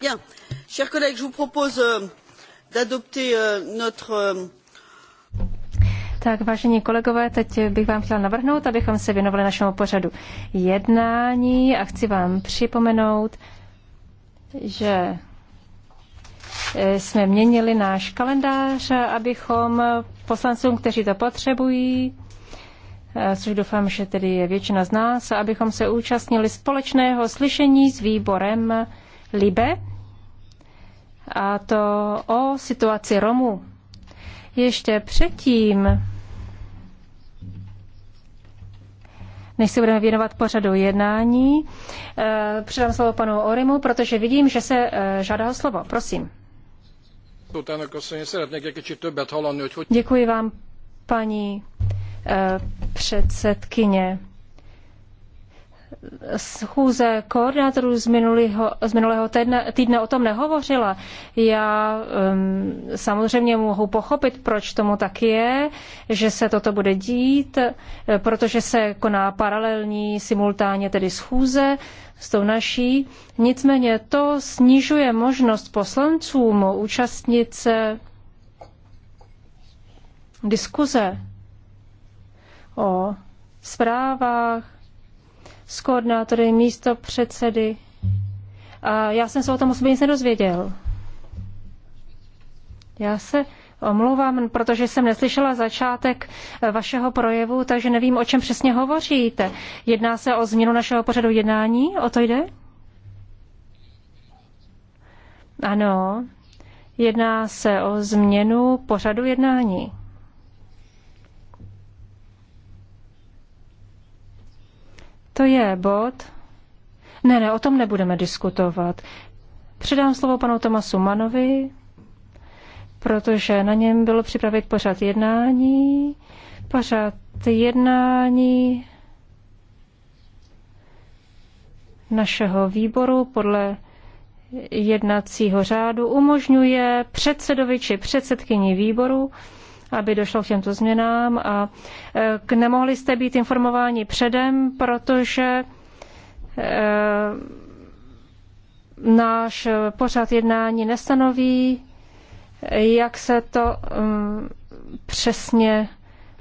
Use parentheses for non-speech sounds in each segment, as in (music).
Bien. Chers collègues, je vous propose euh, d'adopter euh, notre. Euh, tak, vážení kolegové, teď bych vám chtěla navrhnout, abychom se věnovali našemu pořadu jednání a chci vám připomenout, že e, jsme měnili náš kalendář, abychom poslancům, kteří to potřebují, e, což doufám, že tedy je většina z nás, abychom se účastnili společného slyšení s výborem LIBE a to o situaci Romů. Ještě předtím, než se budeme věnovat pořadu jednání, eh, předám slovo panu Orimu, protože vidím, že se eh, žádá o slovo. Prosím. Děkuji vám, paní eh, předsedkyně schůze koordinátorů z, minulýho, z minulého týdne, týdne o tom nehovořila. Já um, samozřejmě mohu pochopit, proč tomu tak je, že se toto bude dít, protože se koná paralelní simultánně tedy schůze s tou naší. Nicméně to snižuje možnost poslancům účastnit se diskuze o zprávách s koordinátory, místo předsedy. A já jsem se o tom osobně nic nedozvěděl. Já se omlouvám, protože jsem neslyšela začátek eh, vašeho projevu, takže nevím, o čem přesně hovoříte. Jedná se o změnu našeho pořadu jednání? O to jde? Ano, jedná se o změnu pořadu jednání. To je bod. Ne, ne, o tom nebudeme diskutovat. Předám slovo panu Tomasu Manovi, protože na něm bylo připravit pořad jednání. Pořad jednání našeho výboru podle jednacího řádu umožňuje předsedovi či předsedkyni výboru aby došlo k těmto změnám. A e, nemohli jste být informováni předem, protože e, náš pořad jednání nestanoví, jak se to mm, přesně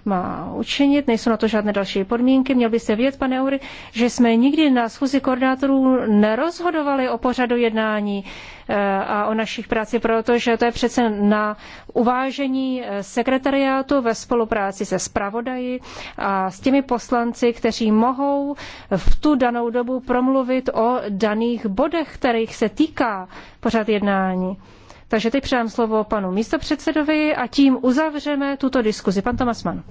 má učinit, nejsou na to žádné další podmínky. Měl byste vědět, pane Ury, že jsme nikdy na schůzi koordinátorů nerozhodovali o pořadu jednání eh, a o našich práci, protože to je přece na uvážení eh, sekretariátu ve spolupráci se zpravodaji a s těmi poslanci, kteří mohou v tu danou dobu promluvit o daných bodech, kterých se týká pořad jednání. Takže teď předám slovo panu místopředsedovi a tím uzavřeme tuto diskuzi. Pan Tomasman.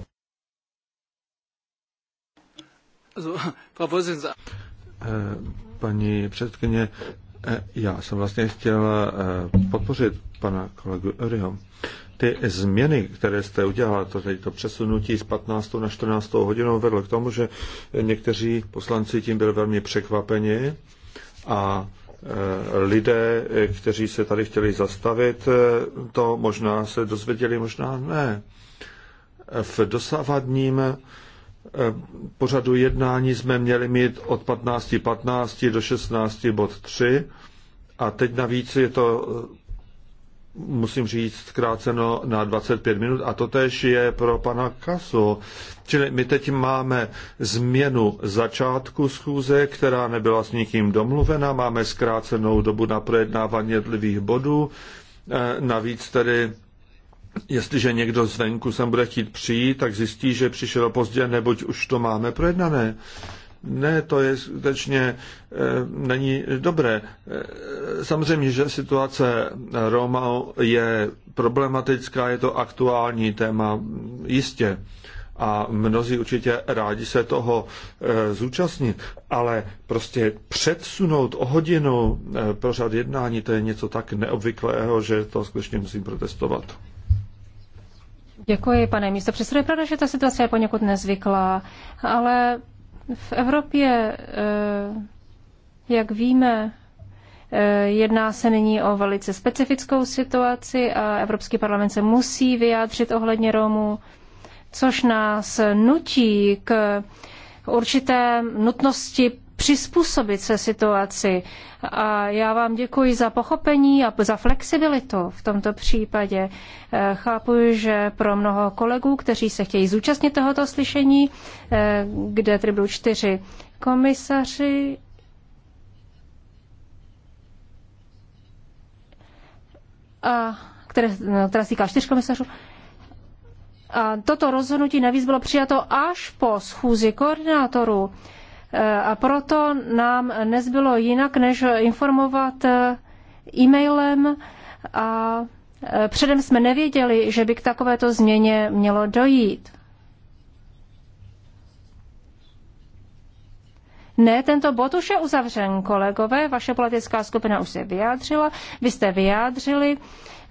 (laughs) Eh, paní předkyně, eh, já jsem vlastně chtěl eh, podpořit pana kolegu Eryho. Ty změny, které jste udělala, to, tady to přesunutí z 15. na 14. hodinou vedlo k tomu, že někteří poslanci tím byli velmi překvapeni a lidé, kteří se tady chtěli zastavit, to možná se dozvěděli, možná ne. V dosavadním Eh, pořadu jednání jsme měli mít od 15.15 15 do 16 bod 3 a teď navíc je to, eh, musím říct, zkráceno na 25 minut a to tež je pro pana Kasu. Čili my teď máme změnu začátku schůze, která nebyla s nikým domluvena, máme zkrácenou dobu na projednávání jednotlivých bodů, eh, navíc tedy jestliže někdo zvenku sem bude chtít přijít, tak zjistí, že přišel pozdě, neboť už to máme projednané. Ne, to je skutečně e, není dobré. E, samozřejmě, že situace Roma je problematická, je to aktuální téma, jistě. A mnozí určitě rádi se toho e, zúčastnit, ale prostě předsunout o hodinu e, pořad jednání, to je něco tak neobvyklého, že to skutečně musím protestovat. Děkuji, pane místo předsedo. Je pravda, že ta situace je poněkud nezvyklá, ale v Evropě, eh, jak víme, eh, jedná se nyní o velice specifickou situaci a Evropský parlament se musí vyjádřit ohledně Romů, což nás nutí k určité nutnosti přizpůsobit se situaci. A já vám děkuji za pochopení a za flexibilitu v tomto případě. Eh, chápu, že pro mnoho kolegů, kteří se chtějí zúčastnit tohoto slyšení, eh, kde tedy budou čtyři komisaři, a, které, no, která se týká čtyř komisařů, a toto rozhodnutí navíc bylo přijato až po schůzi koordinátorů. A proto nám nezbylo jinak, než informovat eh, e-mailem a eh, předem jsme nevěděli, že by k takovéto změně mělo dojít. Ne, tento bod už je uzavřen, kolegové. Vaše politická skupina už se vyjádřila. Vy jste vyjádřili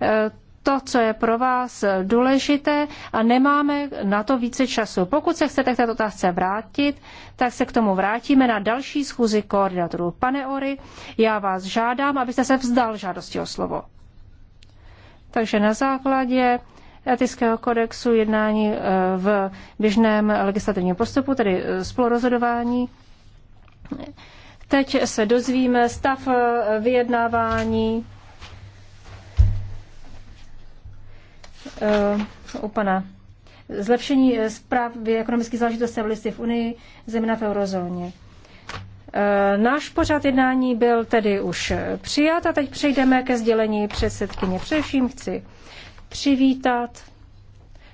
eh, to, co je pro vás důležité a nemáme na to více času. Pokud se chcete k této otázce vrátit, tak se k tomu vrátíme na další schůzi koordinátorů. Pane Ory, já vás žádám, abyste se vzdal žádosti o slovo. Takže na základě etického kodexu jednání eh, v běžném legislativním postupu, tedy eh, spolurozhodování, teď se dozvíme stav eh, vyjednávání Eh, u pana zlepšení eh, zpráv v ekonomických záležitostech listy v Unii, zejména v eurozóně. Eh, náš pořad jednání byl tedy už přijat a teď přejdeme ke sdělení předsedkyně. Především chci přivítat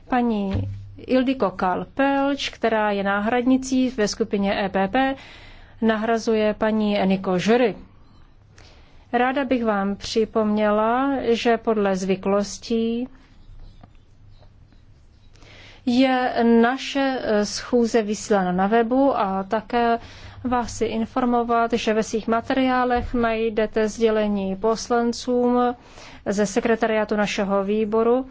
paní Ildiko Kalpelč, která je náhradnicí ve skupině EPP, nahrazuje paní Eniko Žury. Ráda bych vám připomněla, že podle zvyklostí je naše eh, schůze vysílána na webu a také vás si informovat, že ve svých materiálech najdete sdělení poslancům ze sekretariátu našeho výboru.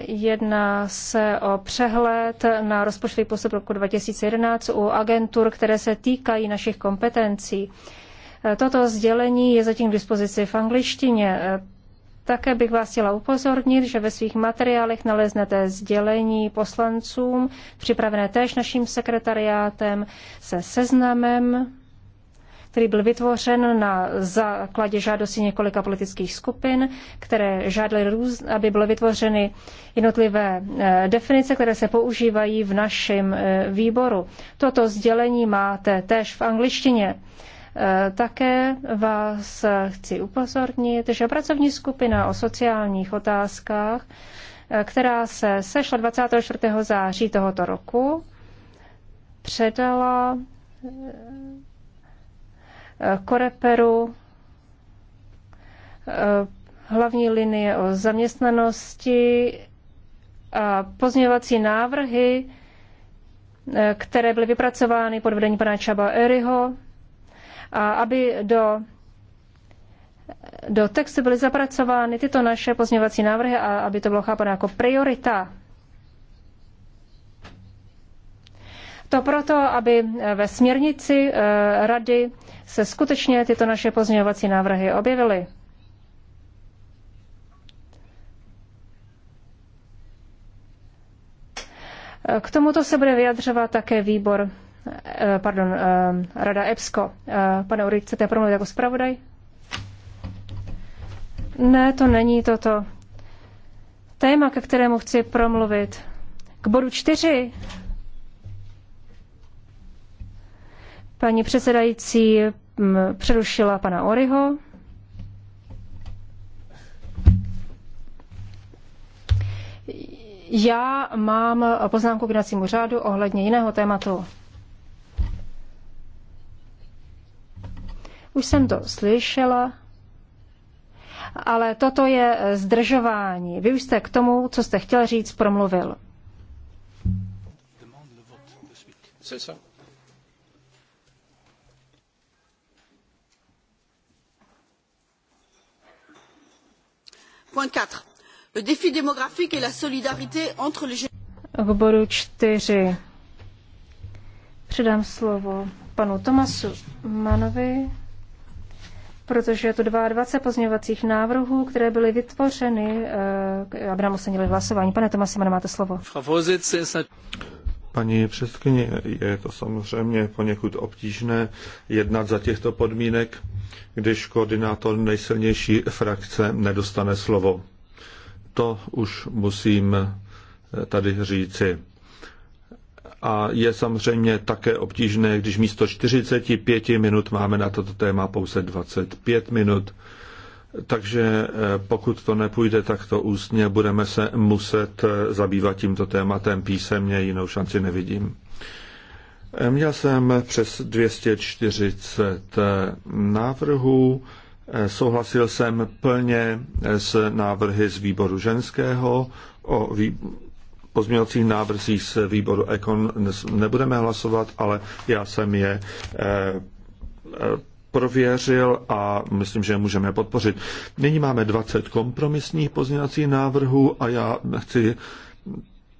Jedná se o přehled na rozpočtový postup roku 2011 u agentur, které se týkají našich kompetencí. Eh, Toto sdělení je zatím k dispozici v angličtině. Také bych vás chtěla upozornit, že ve svých materiálech naleznete sdělení poslancům, připravené též naším sekretariátem, se seznamem, který byl vytvořen na základě žádosti několika politických skupin, které žádaly, aby byly vytvořeny jednotlivé eh, definice, které se používají v našem eh, výboru. Toto sdělení máte též v angličtině. Eh, také vás chci upozornit, že pracovní skupina o sociálních otázkách, eh, která se sešla 24. září tohoto roku, předala eh, Koreperu hlavní linie o zaměstnanosti a pozměňovací návrhy, které byly vypracovány pod vedením pana Čaba Eryho, a aby do, do textu byly zapracovány tyto naše pozměňovací návrhy a aby to bylo chápáno jako priorita. To proto, aby ve směrnici eh, rady se skutečně tyto naše pozměňovací návrhy objevily. K tomuto se bude vyjadřovat také výbor Eh, pardon, eh, Rada EPSCO. Eh, pane Uri, chcete promluvit jako zpravodaj? Ne, to není toto. Téma, ke kterému chci promluvit. K bodu čtyři. Paní předsedající mm, přerušila pana Oriho. Já mám poznámku k jednacímu řádu ohledně jiného tématu. Už jsem to slyšela, ale toto je eh, zdržování. Vy už jste k tomu, co jste chtěl říct, promluvil. Point 4. Le défi démographique et la solidarité entre les k bodu čtyři. Předám slovo panu Tomasu Manovi protože je to 22 pozměňovacích návrhů, které byly vytvořeny, eh, aby nám ocenili hlasování. Pane Tomasi, máte slovo. Paní předsedkyně, je to samozřejmě poněkud obtížné jednat za těchto podmínek, když koordinátor nejsilnější frakce nedostane slovo. To už musím tady říci a je samozřejmě také obtížné, když místo 45 minut máme na toto téma pouze 25 minut. Takže eh, pokud to nepůjde takto ústně, budeme se muset eh, zabývat tímto tématem písemně, jinou šanci nevidím. Eh, měl jsem přes 240 návrhů, souhlasil jsem plně s návrhy z výboru ženského, o, pozměňovacích návrzích z výboru Ekon nebudeme hlasovat, ale já jsem je eh, eh, prověřil a myslím, že je můžeme podpořit. Nyní máme 20 kompromisních pozměňovacích návrhů a já chci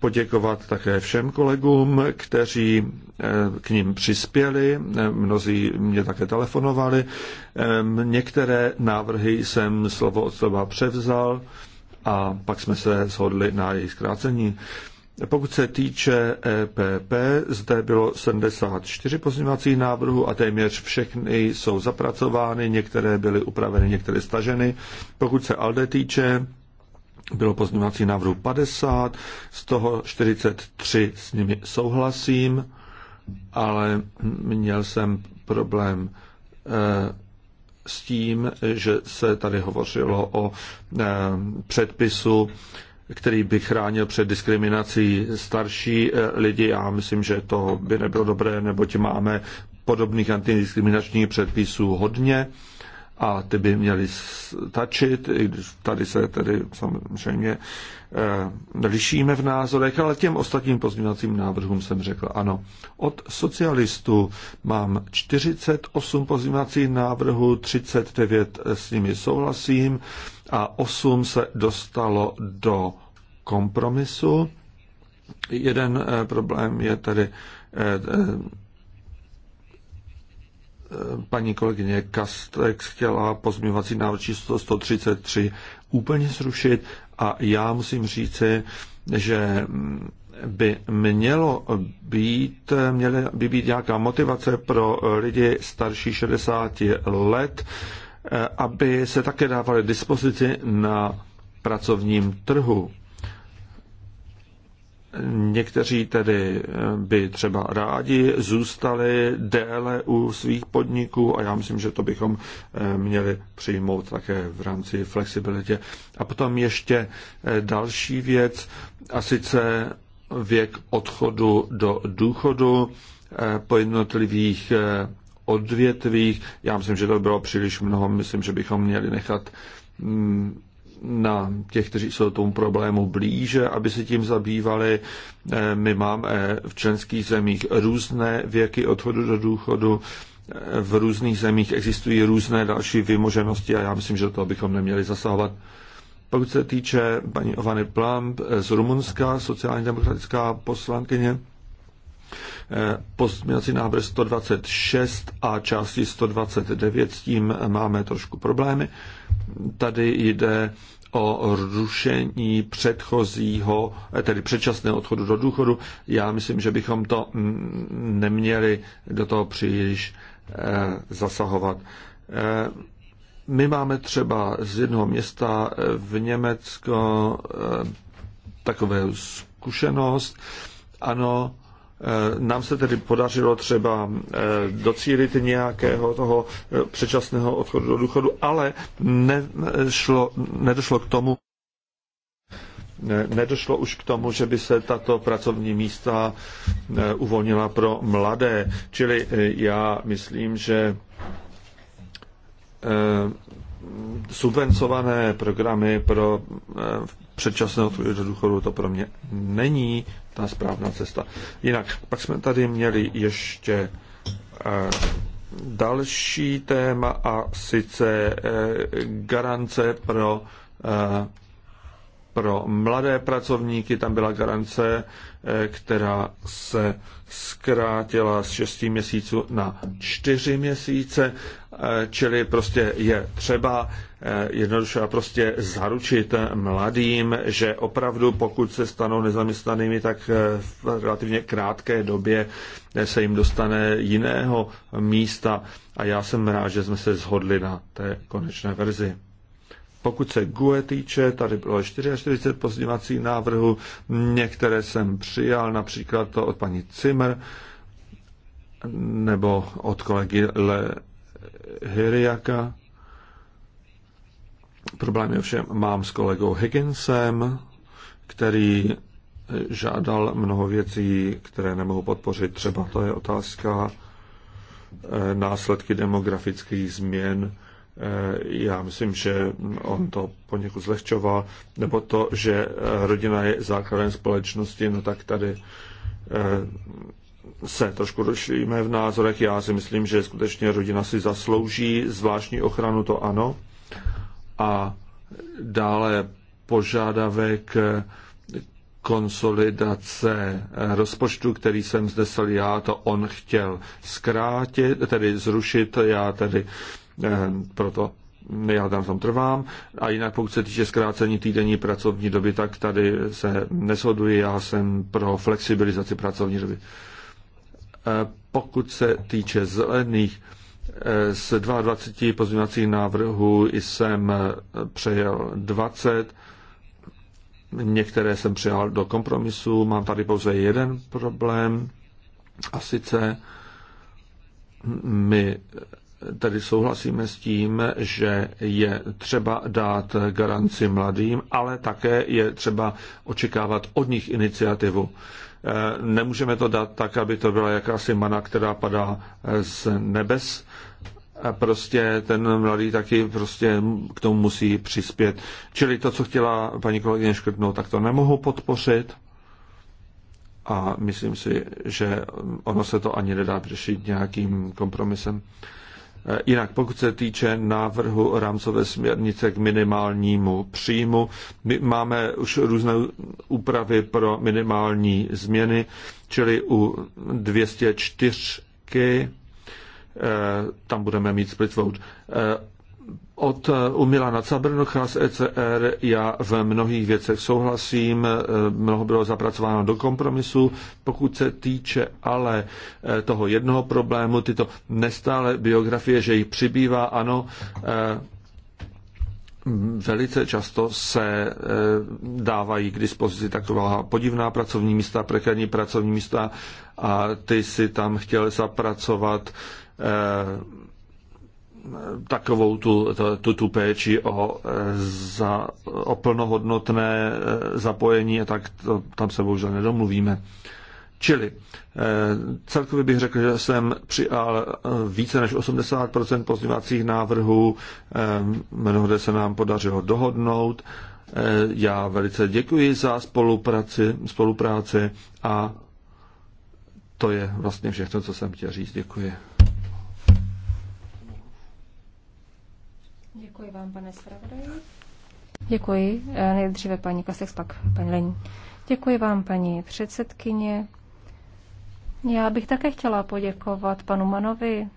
poděkovat také všem kolegům, kteří eh, k ním přispěli. Mnozí mě také telefonovali. Některé návrhy jsem slovo od slova převzal a pak jsme se shodli na její zkrácení. Pokud se týče EPP, zde bylo 74 pozměňovacích návrhů a téměř všechny jsou zapracovány, některé byly upraveny, některé staženy. Pokud se ALDE týče, bylo pozměňovací návrhů 50, z toho 43 s nimi souhlasím, ale měl jsem problém eh, s tím, že se tady hovořilo o eh, předpisu, který by chránil před diskriminací starší eh, lidi. Já myslím, že to by nebylo dobré, neboť máme podobných antidiskriminačních předpisů hodně a ty by měly stačit, i když tady se tedy samozřejmě eh, lišíme v názorech, ale těm ostatním pozměňovacím návrhům jsem řekl ano. Od socialistů mám 48 pozměňovacích návrhů, 39 s nimi souhlasím a 8 se dostalo do kompromisu. Jeden eh, problém je tedy eh, paní kolegyně Kastex chtěla pozměňovací návrh číslo 133 úplně zrušit a já musím říci, že by mělo být, měly by být nějaká motivace pro lidi starší 60 let, eh, aby se také dávali dispozici na pracovním trhu. Někteří tedy eh, by třeba rádi zůstali déle u svých podniků a já myslím, že to bychom eh, měli přijmout také v rámci flexibilitě. A potom ještě eh, další věc, a sice věk odchodu do důchodu po jednotlivých odvětvích. Já myslím, že to bylo příliš mnoho, myslím, že bychom měli nechat mm, na těch, kteří jsou tomu problému blíže, aby se tím zabývali. Eh, my máme v členských zemích různé věky odchodu do důchodu, eh, v různých zemích existují různé další vymoženosti a já myslím, že do toho bychom neměli zasahovat. Pokud se týče paní Ovany Plamp z Rumunska, sociálně demokratická poslankyně, pozměňovací návrh 126 a části 129, s tím máme trošku problémy. Tady jde o rušení předchozího, tedy předčasného odchodu do důchodu. Já myslím, že bychom to mm, neměli do toho příliš eh, zasahovat. Eh, my máme třeba z jednoho města eh, v Německo takovou zkušenost. Ano, Eh, nám se tedy podařilo třeba eh, docílit nějakého toho eh, předčasného odchodu do důchodu, ale nešlo, nedošlo k tomu, nedošlo už k tomu, že by se tato pracovní místa uvolnila pro mladé. Čili já myslím, že subvencované programy pro eh, předčasné odchody do důchodu, to pro mě není ta správná cesta. Jinak, pak jsme tady měli ještě eh, další téma a sice eh, garance pro, pro mladé pracovníky. Tam byla garance, která se zkrátila z 6 měsíců na 4 měsíce Eh, čili prostě je třeba eh, jednoduše a prostě zaručit mladým, že opravdu pokud se stanou nezaměstnanými, tak eh, v relativně krátké době se jim dostane jiného místa a já jsem rád, že jsme se shodli na té konečné verzi. Pokud se GUE týče, tady bylo 44 pozdivací návrhu, některé jsem přijal, například to od paní Zimmer nebo od kolegy Le Hiriaka. Problém je všem mám s kolegou Higginsem, který žádal mnoho věcí, které nemohu podpořit. Třeba to je otázka eh, následky demografických změn. Eh, já myslím, že on to poněkud zlehčoval, nebo to, že rodina je základem společnosti, no tak tady eh, se trošku rozšíříme v názorech. Já si myslím, že skutečně rodina si zaslouží zvláštní ochranu, to ano. A dále požádavek konsolidace rozpočtu, který jsem zdesel já, to on chtěl zkrátit, tedy zrušit, já tedy eh, proto já tam, tam trvám. A jinak pokud se týče zkrácení týdenní pracovní doby, tak tady se neshoduji, já jsem pro flexibilizaci pracovní doby. Pokud se týče zelených, eh, z 22 pozměňovacích návrhů jsem eh, přejel 20, některé jsem přijal do kompromisu, mám tady pouze jeden problém, a sice my eh, tady souhlasíme s tím, že je třeba dát garanci mladým, ale také je třeba očekávat od nich iniciativu. Eh, nemůžeme to dát tak, aby to byla jakási mana, která padá eh, z nebes. A prostě ten mladý taky prostě k tomu musí přispět. Čili to, co chtěla paní kolegyně škrtnout, tak to nemohu podpořit. A myslím si, že mm, ono se to ani nedá řešit nějakým kompromisem. Eh, jinak pokud se týče návrhu rámcové směrnice k minimálnímu příjmu, my máme už různé úpravy pro minimální změny, čili u 204 eh, tam budeme mít split vote. Eh, od eh, Umila na Cabrnocha z ECR já v mnohých věcech souhlasím, eh, mnoho bylo zapracováno do kompromisu. Pokud se týče ale eh, toho jednoho problému, tyto nestále biografie, že jich přibývá, ano, velice často se dávají k dispozici taková podivná pracovní místa, prekární pracovní místa a ty si tam chtěl zapracovat takovou tu, tu, tu péči o, e, za, o plnohodnotné e, zapojení, tak to, tam se bohužel nedomluvíme. Čili e, celkově bych řekl, že jsem přijal více než 80% pozměňovacích návrhů, mnohde se nám podařilo dohodnout. Já velice děkuji za spolupráci, spolupráci a to je vlastně všechno, co jsem chtěl říct. Děkuji. Děkuji vám, pane zpravodaji. Děkuji. Eh, nejdříve paní Kasex, pak paní Lení. Děkuji vám, paní předsedkyně. Já bych také chtěla poděkovat panu Manovi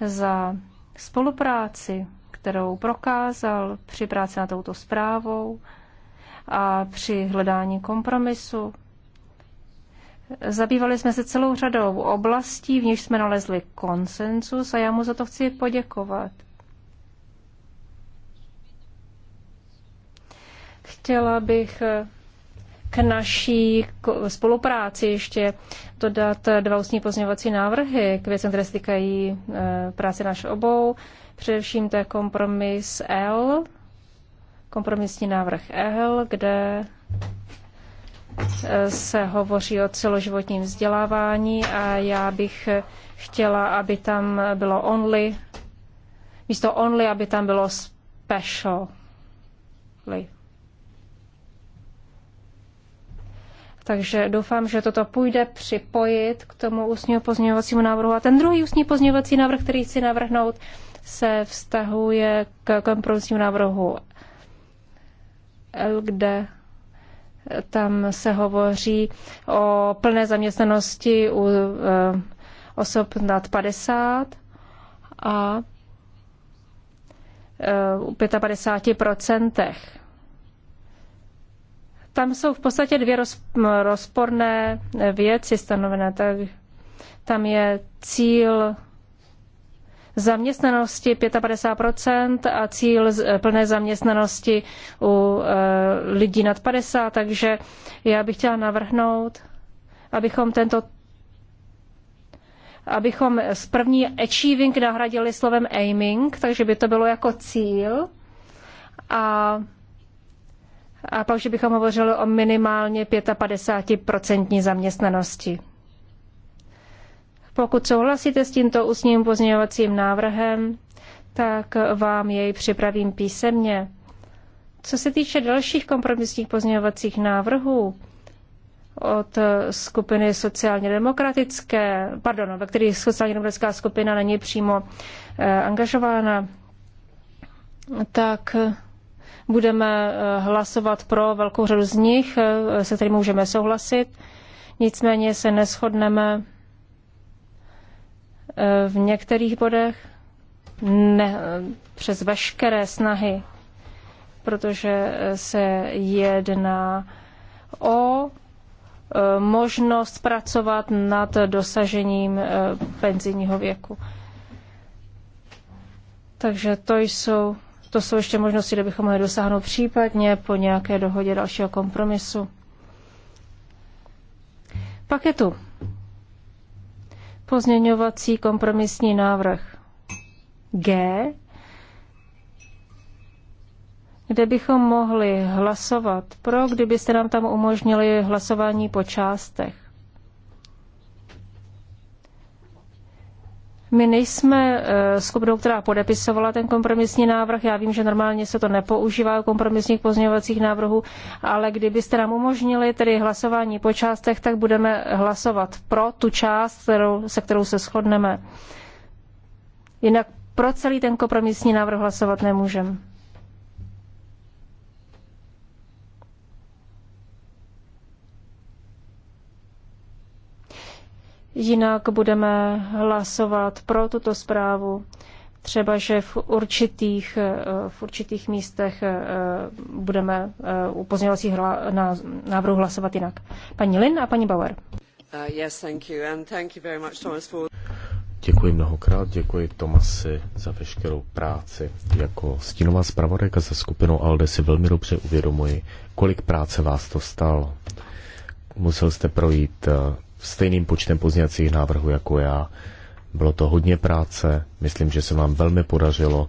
za spolupráci, kterou prokázal při práci na touto zprávou a při hledání kompromisu. Zabývali jsme se celou řadou oblastí, v níž jsme nalezli konsensus a já mu za to chci poděkovat. Chtěla bych eh, k naší spolupráci ještě dodat eh, dva ústní pozměňovací návrhy k věcem, které se týkají eh, práce naš obou. Především to je kompromis L, kompromisní návrh L, kde se hovoří o celoživotním vzdělávání a já bych chtěla, aby tam bylo only, místo only, aby tam bylo special. Takže doufám, že toto půjde připojit k tomu ústního pozměňovacímu návrhu. A ten druhý ústní pozměňovací návrh, který chci navrhnout, se vztahuje k kompromisnímu návrhu L, kde tam se hovoří o plné zaměstnanosti u e, osob nad 50 a e, u 55 procentech. Tam jsou v podstatě dvě rozporné věci stanovené. Tak tam je cíl zaměstnanosti 55% a cíl e, plné zaměstnanosti u e, lidí nad 50, takže já bych chtěla navrhnout, abychom tento abychom z první achieving nahradili slovem aiming, takže by to bylo jako cíl a a pak, že bychom hovořili o minimálně 55% zaměstnanosti. Pokud souhlasíte s tímto ústním pozměňovacím návrhem, tak vám jej připravím písemně. Co se týče dalších kompromisních pozměňovacích návrhů od skupiny sociálně demokratické, pardon, ve kterých sociálně demokratická skupina není přímo eh, angažována, tak eh, budeme eh, hlasovat pro velkou řadu z nich, eh, se kterými můžeme souhlasit. Nicméně se neschodneme eh, v některých bodech ne, přes veškeré snahy, protože se jedná o možnost pracovat nad dosažením penzijního věku. Takže to jsou to jsou ještě možnosti, kde bychom mohli dosáhnout případně po nějaké dohodě dalšího kompromisu. Pak je tu pozměňovací kompromisní návrh G, kde bychom mohli hlasovat pro, kdybyste nám tam umožnili hlasování po částech. My nejsme eh, skupinou, která podepisovala ten kompromisní návrh. Já vím, že normálně se to nepoužívá u kompromisních pozměňovacích návrhů, ale kdybyste nám umožnili tedy hlasování po částech, tak budeme hlasovat pro tu část, kterou, se kterou se shodneme. Jinak pro celý ten kompromisní návrh hlasovat nemůžeme. Jinak budeme hlasovat pro tuto zprávu. Třeba, že v určitých, eh, v určitých místech eh, budeme eh, u pozměňovacích návrhů hlasovat jinak. Paní Lin a paní Bauer. Uh, děkuji mnohokrát, děkuji Tomasi za veškerou práci. Jako stínová zpravodajka se skupinou ALDE si velmi dobře uvědomuji, kolik práce vás to stalo. Musel jste projít stejným počtem pozněcích návrhů jako já. Bylo to hodně práce, myslím, že se vám velmi podařilo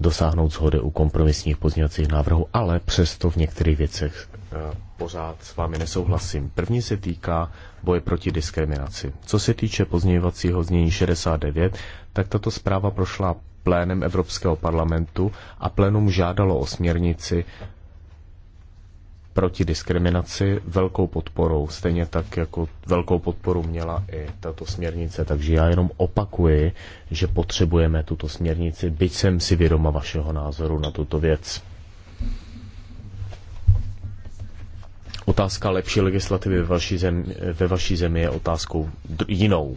dosáhnout shody u kompromisních pozněcích návrhů, ale přesto v některých věcech eh, pořád s vámi nesouhlasím. První se týká boje proti diskriminaci. Co se týče pozměňovacího znění 69, tak tato zpráva prošla plénem Evropského parlamentu a plénum žádalo o směrnici proti diskriminaci velkou podporou, stejně tak jako velkou podporu měla i tato směrnice. Takže já jenom opakuji, že potřebujeme tuto směrnici, byť jsem si vědoma vašeho názoru na tuto věc. Otázka lepší legislativy ve vaší zemi, ve vaší zemi je otázkou jinou.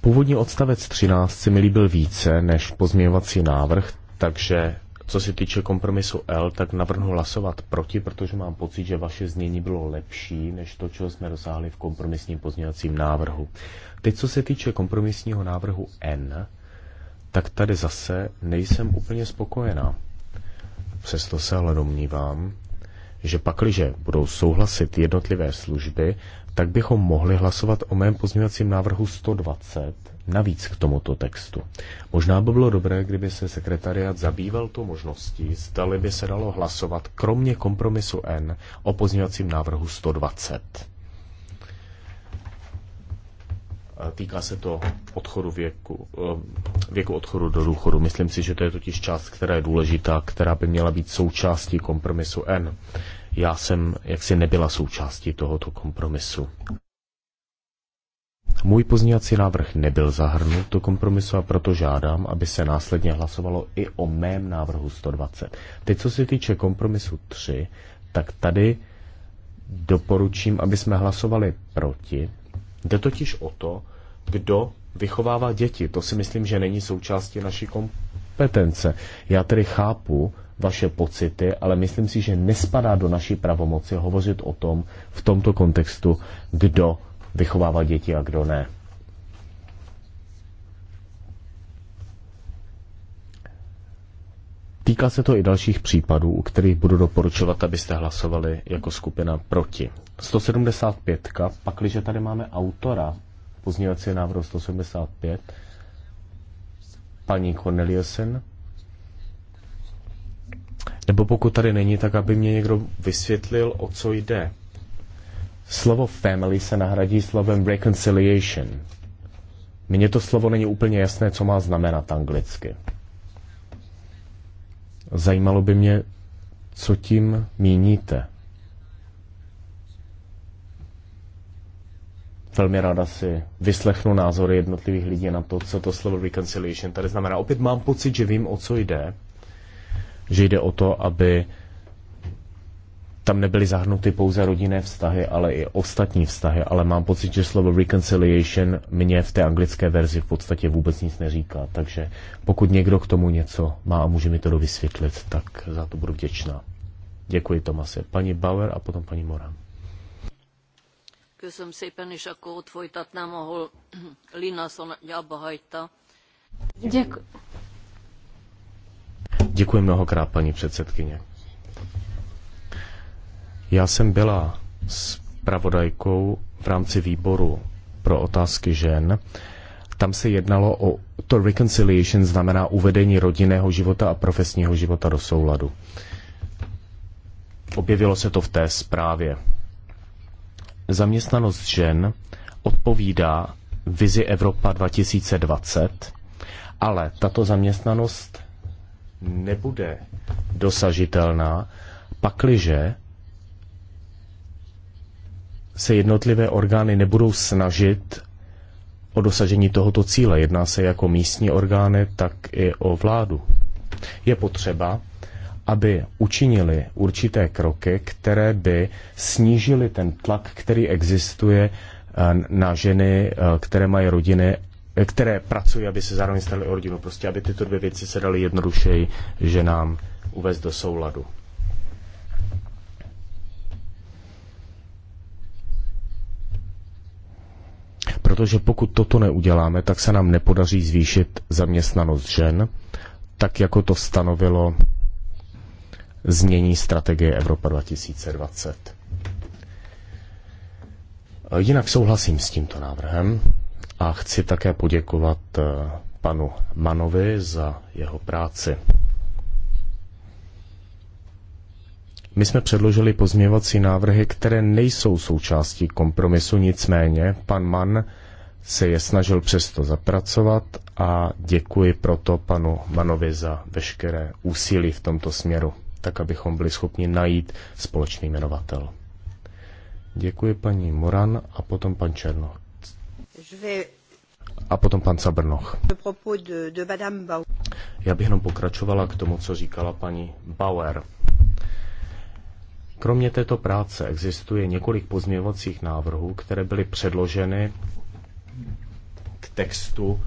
Původní odstavec 13 se mi líbil více než pozměňovací návrh takže co se týče kompromisu L, tak navrhnu hlasovat proti, protože mám pocit, že vaše znění bylo lepší než to, co jsme dosáhli v kompromisním pozměňovacím návrhu. Teď, co se týče kompromisního návrhu N, tak tady zase nejsem úplně spokojená. Přesto se ale domnívám, že pakliže budou souhlasit jednotlivé služby, tak bychom mohli hlasovat o mém pozměňovacím návrhu 120, navíc k tomuto textu. Možná by bylo dobré, kdyby se sekretariat zabýval tu možností, zdali by se dalo hlasovat kromě kompromisu N o pozměňovacím návrhu 120. Týká se to odchodu věku, eh, věku odchodu do důchodu. Myslím si, že to je totiž část, která je důležitá, která by měla být součástí kompromisu N. Já jsem jaksi nebyla součástí tohoto kompromisu. Můj pozněvací návrh nebyl zahrnut do kompromisu a proto žádám, aby se následně hlasovalo i o mém návrhu 120. Teď, co se týče kompromisu 3, tak tady doporučím, aby jsme hlasovali proti. Jde totiž o to, kdo vychovává děti. To si myslím, že není součástí naší kompetence. Já tedy chápu vaše pocity, ale myslím si, že nespadá do naší pravomoci hovořit o tom v tomto kontextu, kdo Vychovává děti a kdo ne. Týká se to i dalších případů, u kterých budu doporučovat, abyste hlasovali jako skupina proti. 175. Pakliže tady máme autora pozměňovací návrh 175, paní Corneliusen, nebo pokud tady není, tak aby mě někdo vysvětlil, o co jde. Slovo family se nahradí slovem reconciliation. Mně to slovo není úplně jasné, co má znamenat anglicky. Zajímalo by mě, co tím míníte. Velmi ráda si vyslechnu názory jednotlivých lidí na to, co to slovo reconciliation tady znamená. Opět mám pocit, že vím, o co jde. Že jde o to, aby tam nebyly zahrnuty pouze rodinné vztahy, ale i ostatní vztahy, ale mám pocit, že slovo reconciliation mě v té anglické verzi v podstatě vůbec nic neříká, takže pokud někdo k tomu něco má a může mi to dovysvětlit, tak za to budu vděčná. Děkuji, Tomase. Paní Bauer a potom paní Moran. Köszönöm szépen, és akkor ott folytatnám, ahol (clears throat) Linasson abba hagyta. Děkuji. Děkuji mnohokrát, paní předsedkyně. Já jsem byla s pravodajkou v rámci výboru pro otázky žen. Tam se jednalo o to reconciliation znamená uvedení rodinného života a profesního života do souladu. Objevilo se to v té zprávě. Zaměstnanost žen odpovídá vizi Evropa 2020, ale tato zaměstnanost nebude dosažitelná, pakliže se jednotlivé orgány nebudou snažit o dosažení tohoto cíle. Jedná se jako místní orgány, tak i o vládu. Je potřeba, aby učinili určité kroky, které by snížily ten tlak, který existuje eh, na ženy, eh, které mají rodiny, eh, které pracují, aby se zároveň staly o rodinu. Prostě, aby tyto dvě věci se daly jednodušeji ženám uvést do souladu. Protože pokud toto neuděláme, tak se nám nepodaří zvýšit zaměstnanost žen, tak jako to stanovilo změní strategie Evropa 2020. Jinak souhlasím s tímto návrhem a chci také poděkovat eh, panu Manovi za jeho práci. My jsme předložili pozměvací návrhy, které nejsou součástí kompromisu, nicméně pan Mann se je snažil přesto zapracovat a děkuji proto panu Manovi za veškeré úsilí v tomto směru, tak abychom byli schopni najít společný jmenovatel. Děkuji paní Moran a potom pan Černoch. A potom pan Sabrnoch. Já bych jenom pokračovala k tomu, co říkala paní Bauer. Kromě této práce existuje několik pozměňovacích návrhů, které byly předloženy k textu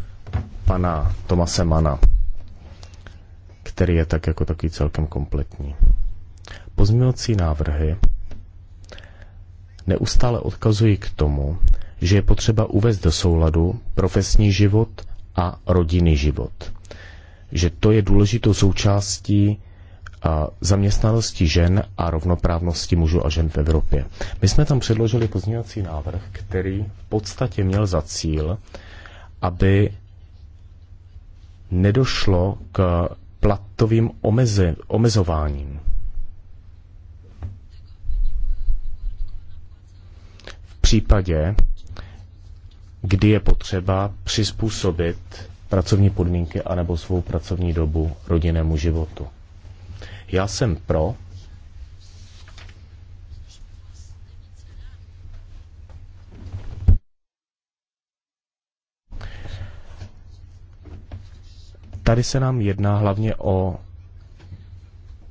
pana Tomase Mana, který je tak jako takový celkem kompletní. Pozměňovací návrhy neustále odkazují k tomu, že je potřeba uvést do souladu profesní život a rodinný život. Že to je důležitou součástí zaměstnanosti žen a rovnoprávnosti mužů a žen v Evropě. My jsme tam předložili pozměňovací návrh, který v podstatě měl za cíl, aby nedošlo k platovým omeze, omezováním. V případě, kdy je potřeba přizpůsobit pracovní podmínky anebo svou pracovní dobu rodinnému životu. Já jsem pro. Tady se nám jedná hlavně o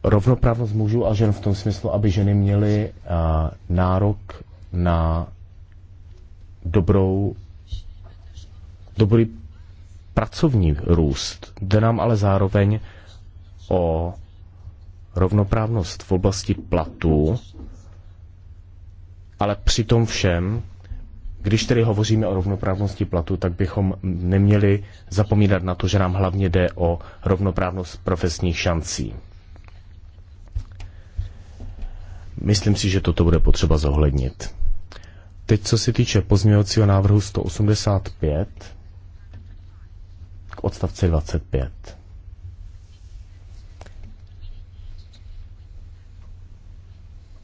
rovnoprávnost mužů a žen v tom smyslu, aby ženy měly nárok na dobrou, dobrý pracovní růst. Jde nám ale zároveň o rovnoprávnost v oblasti platů, ale při tom všem, když tedy hovoříme o rovnoprávnosti platu, tak bychom neměli zapomínat na to, že nám hlavně jde o rovnoprávnost profesních šancí. Myslím si, že toto bude potřeba zohlednit. Teď, co se týče pozměňovacího návrhu 185 k odstavci 25.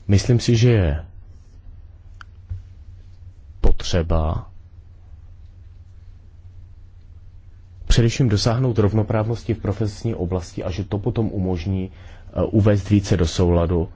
Myslím si, že je potřeba především dosáhnout rovnoprávnosti v profesní oblasti a že to potom umožní eh, uvést více do souladu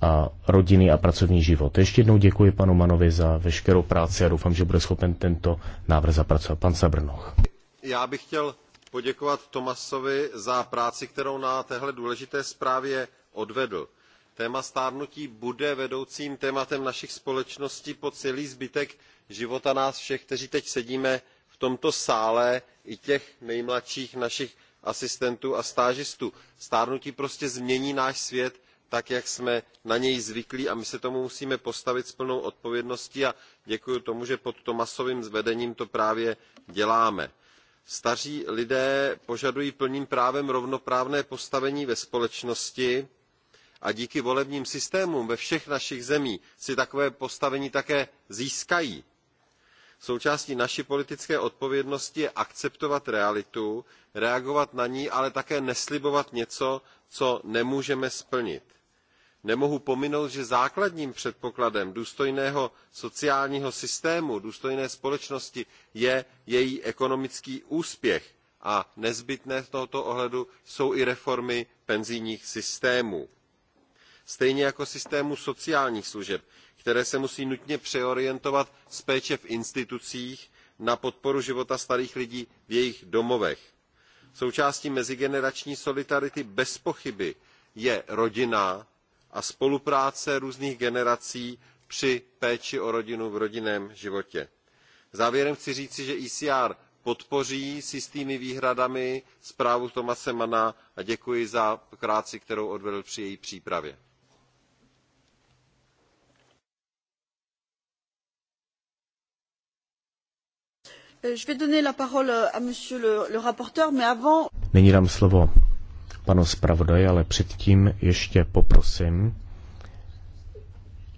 a eh, rodiny a pracovní život. Ještě jednou děkuji panu Manovi za veškerou práci a doufám, že bude schopen tento návrh zapracovat. Pan Sabrnoch. Já bych chtěl poděkovat Tomasovi za práci, kterou na téhle důležité zprávě odvedl téma stárnutí bude vedoucím tématem našich společností po celý zbytek života nás všech kteří teď sedíme v tomto sále i těch nejmladších našich asistentů a stážistů. stárnutí prostě změní náš svět tak jak jsme na něj zvyklí a my se tomu musíme postavit s plnou odpovědností a děkuji tomu že pod tomasovým vedením to právě děláme. staří lidé požadují plným právem rovnoprávné postavení ve společnosti a díky volebním systémům ve všech našich zemích si takové postavení také získají. součástí naší politické odpovědnosti je akceptovat realitu reagovat na ni ale také neslibovat něco co nemůžeme splnit. nemohu pominout že základním předpokladem důstojného sociálního systému důstojné společnosti je její ekonomický úspěch a nezbytné v tomto ohledu jsou i reformy penzijních systémů stejně jako systému sociálních služeb které se musí nutně přeorientovat z péče v institucích na podporu života starých lidí v jejich domovech. součástí mezigenerační solidarity bezpochyby je rodina a spolupráce různých generací při péči o rodinu v rodinném životě. závěrem chci říci že ecr podpoří s jistými výhradami zprávu thomase manna a děkuji za práci kterou odvedl při její přípravě. Euh, je vais donner la parole euh, à monsieur le, le rapporteur, mais avant... Nyní dám slovo panu zpravodaji, ale předtím ještě poprosím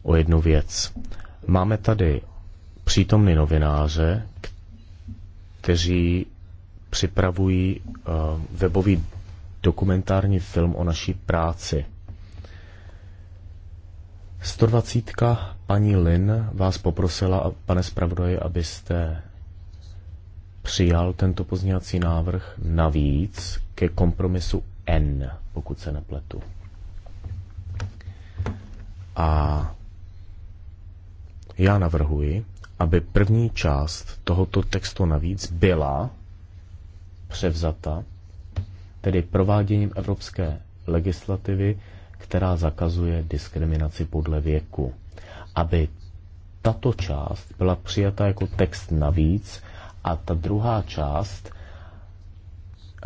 o jednu věc. Máme tady přítomny novináře, kteří připravují eh, webový dokumentární film o naší práci. 120. paní Lin vás poprosila, pane zpravodaji, abyste přijal tento pozněvací návrh navíc ke kompromisu N, pokud se nepletu. A já navrhuji, aby první část tohoto textu navíc byla převzata, tedy prováděním evropské legislativy, která zakazuje diskriminaci podle věku. Aby tato část byla přijata jako text navíc a ta druhá část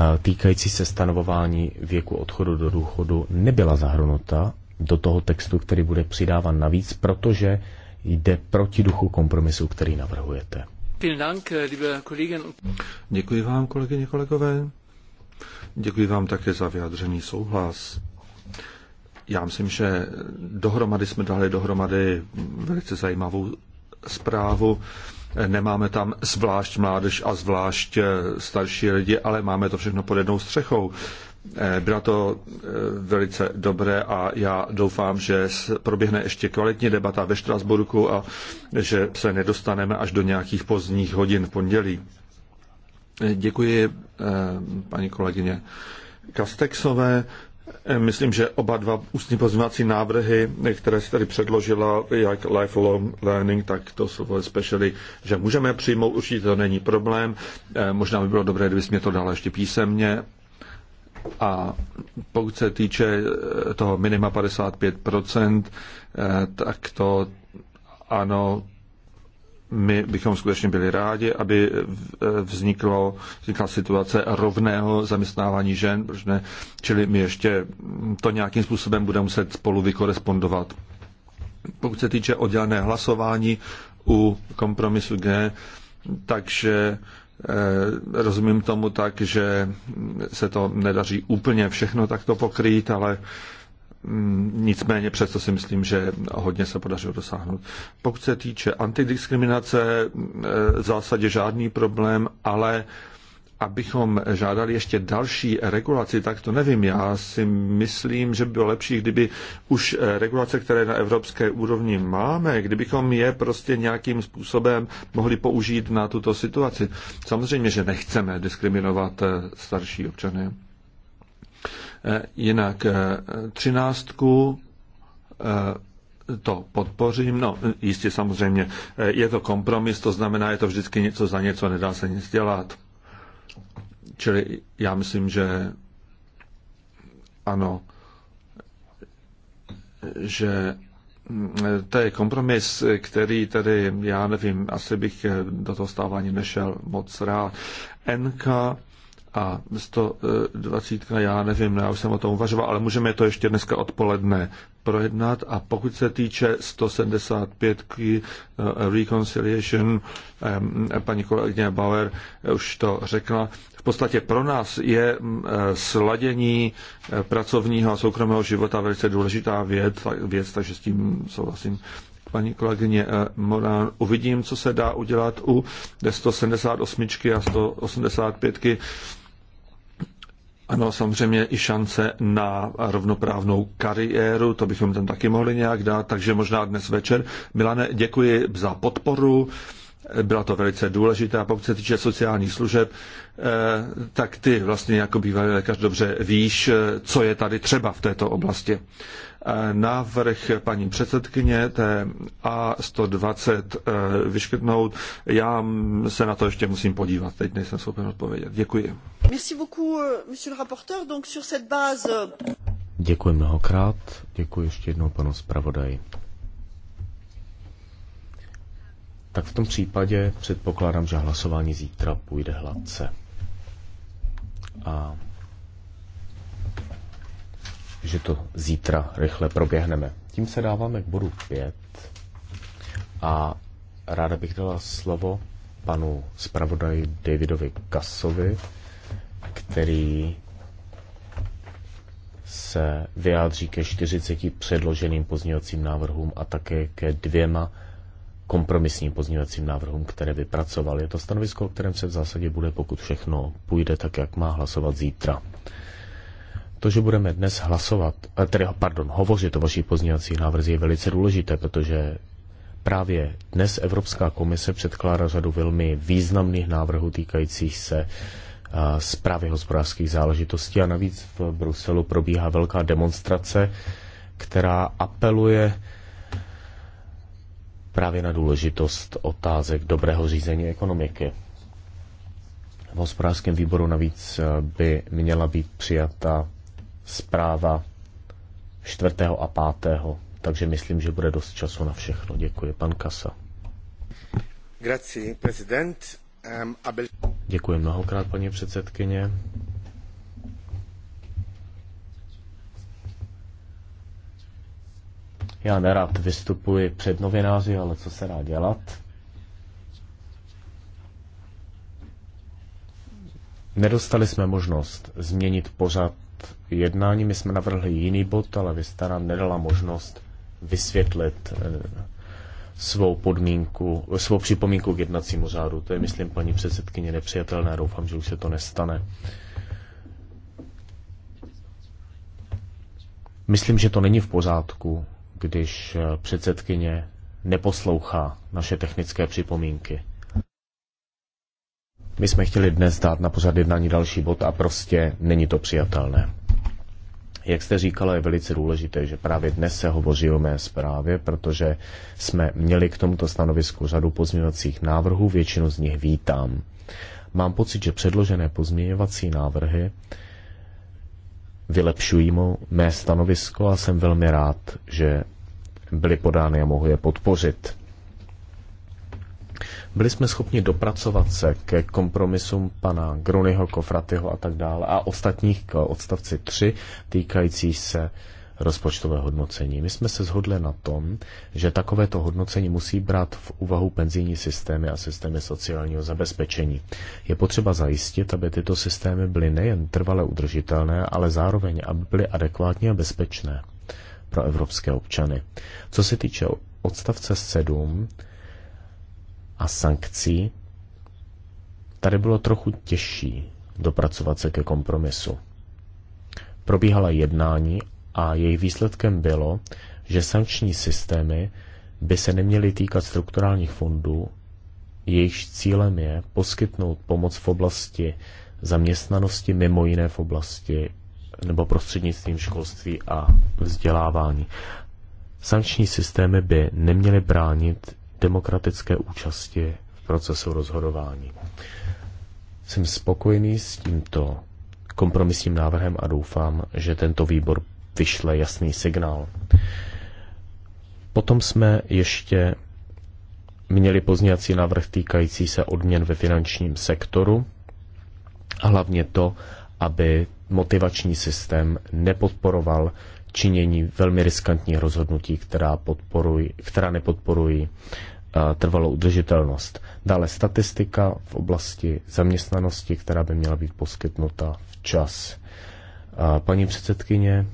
eh, týkající se stanovování věku odchodu do důchodu nebyla zahrnuta do toho textu, který bude přidávan navíc, protože jde proti duchu kompromisu, který navrhujete. Eh, Děkuji vám, kolegyně, kolegové. Děkuji vám také za vyjádřený souhlas. Já myslím, že dohromady jsme dali dohromady velice zajímavou zprávu nemáme tam zvlášť mládež a zvlášť eh, starší lidi, ale máme to všechno pod jednou střechou. Eh, Byla to eh, velice dobré a já doufám, že proběhne ještě kvalitní debata ve Štrasburku a že se nedostaneme až do nějakých pozdních hodin v pondělí. Děkuji paní kolegyně Kastexové. Myslím, že oba dva ústní pozměňovací návrhy, které si tady předložila, jak lifelong learning, tak to slovo especially, že můžeme přijmout, určitě to není problém. Eh, možná by bylo dobré, kdyby mě to dala ještě písemně. A pokud se týče eh, toho minima 55%, eh, tak to ano, my bychom skutečně byli rádi, aby vzniklo, vznikla situace rovného zaměstnávání žen, protože ne, čili my ještě to nějakým způsobem budeme muset spolu vykorespondovat. Pokud se týče oddělené hlasování u kompromisu G, takže eh, rozumím tomu tak, že se to nedaří úplně všechno takto pokrýt, ale Mm, nicméně přesto si myslím, že hodně se podařilo dosáhnout. Pokud se týče antidiskriminace, eh, v zásadě žádný problém, ale abychom žádali ještě další regulaci, tak to nevím. Já si myslím, že by bylo lepší, kdyby už eh, regulace, které na evropské úrovni máme, kdybychom je prostě nějakým způsobem mohli použít na tuto situaci. Samozřejmě, že nechceme diskriminovat eh, starší občany. Eh, jinak eh, třináctku eh, to podpořím. No, jistě samozřejmě je to kompromis, to znamená, je to vždycky něco za něco, nedá se nic dělat. Čili já myslím, že ano, že mm, to je kompromis, který tady, já nevím, asi bych do toho stávání nešel moc rád. NK a 120, já nevím, já už jsem o tom uvažoval, ale můžeme to ještě dneska odpoledne projednat. A pokud se týče 175 eh, Reconciliation, eh, paní kolegyně Bauer už to řekla, v podstatě pro nás je mm, eh, sladění pracovního a soukromého života velice důležitá věc, věc takže s tím souhlasím paní kolegyně Morán. Uvidím, co se dá udělat u 178 a 185 ano, samozřejmě i šance na rovnoprávnou kariéru, to bychom tam taky mohli nějak dát, takže možná dnes večer. Milane, děkuji za podporu, byla to velice důležitá. Pokud se týče sociálních služeb, eh, tak ty vlastně jako bývalý lékař dobře víš, eh, co je tady třeba v této oblasti návrh paní předsedkyně té A120 eh, vyškrtnout. Já se na to ještě musím podívat, teď nejsem schopen odpovědět. Děkuji. Merci beaucoup, euh, monsieur le rapporteur. Donc sur cette base... Euh, Děkuji mnohokrát. Děkuji ještě jednou panu zpravodaji. Tak v tom případě předpokládám, že hlasování zítra půjde hladce. A že to zítra rychle proběhneme. Tím se dáváme k bodu 5 a ráda bych dala slovo panu zpravodaji Davidovi Kasovi, který se vyjádří ke 40 předloženým pozměňovacím návrhům a také ke dvěma kompromisním pozměňovacím návrhům, které vypracoval. Je to stanovisko, o kterém se v zásadě bude, pokud všechno půjde tak, jak má hlasovat zítra. To, že budeme dnes hlasovat, eh, tedy, pardon, hovořit o vaší pozdějací návrzích je velice důležité, protože právě dnes Evropská komise předkládá řadu velmi významných návrhů týkajících se zprávy eh, hospodářských záležitostí a navíc v Bruselu probíhá velká demonstrace, která apeluje právě na důležitost otázek dobrého řízení ekonomiky. V hospodářském výboru navíc eh, by měla být přijata zpráva 4. a 5. Takže myslím, že bude dost času na všechno. Děkuji, pan Kasa. prezident. Ehm, Děkuji mnohokrát, paní předsedkyně. Já nerad vystupuji před novináři, ale co se dá dělat? Nedostali jsme možnost změnit pořad jednání. My jsme navrhli jiný bod, ale vy jste nám nedala možnost vysvětlit eh, svou podmínku, svou připomínku k jednacímu řádu. To je, myslím, paní předsedkyně nepřijatelné. Doufám, že už se to nestane. Myslím, že to není v pořádku, když eh, předsedkyně neposlouchá naše technické připomínky. My jsme chtěli dnes dát na pořad jednání další bod a prostě není to přijatelné. Jak jste říkala, je velice důležité, že právě dnes se hovoří o mé zprávě, protože jsme měli k tomuto stanovisku řadu pozměňovacích návrhů, většinu z nich vítám. Mám pocit, že předložené pozměňovací návrhy vylepšují mu mé stanovisko a jsem velmi rád, že byly podány a mohu je podpořit. Byli jsme schopni dopracovat se ke kompromisům pana Grunyho, Kofratyho a tak dále a ostatních k odstavci 3 týkající se rozpočtové hodnocení. My jsme se shodli na tom, že takovéto hodnocení musí brát v úvahu penzijní systémy a systémy sociálního zabezpečení. Je potřeba zajistit, aby tyto systémy byly nejen trvale udržitelné, ale zároveň, aby byly adekvátně a bezpečné pro evropské občany. Co se týče odstavce 7, a sankcí, tady bylo trochu těžší dopracovat se ke kompromisu. Probíhala jednání a jejich výsledkem bylo, že sankční systémy by se neměly týkat strukturálních fondů, jejichž cílem je poskytnout pomoc v oblasti zaměstnanosti, mimo jiné v oblasti nebo prostřednictvím školství a vzdělávání. Sankční systémy by neměly bránit demokratické účasti v procesu rozhodování. Jsem spokojený s tímto kompromisním návrhem a doufám, že tento výbor vyšle jasný signál. Potom jsme ještě měli pozněcí návrh týkající se odměn ve finančním sektoru a hlavně to, aby motivační systém nepodporoval činění velmi riskantních rozhodnutí, která, podporují, která nepodporují eh, trvalou udržitelnost. Dále statistika v oblasti zaměstnanosti, která by měla být poskytnuta včas. Eh, paní předsedkyně,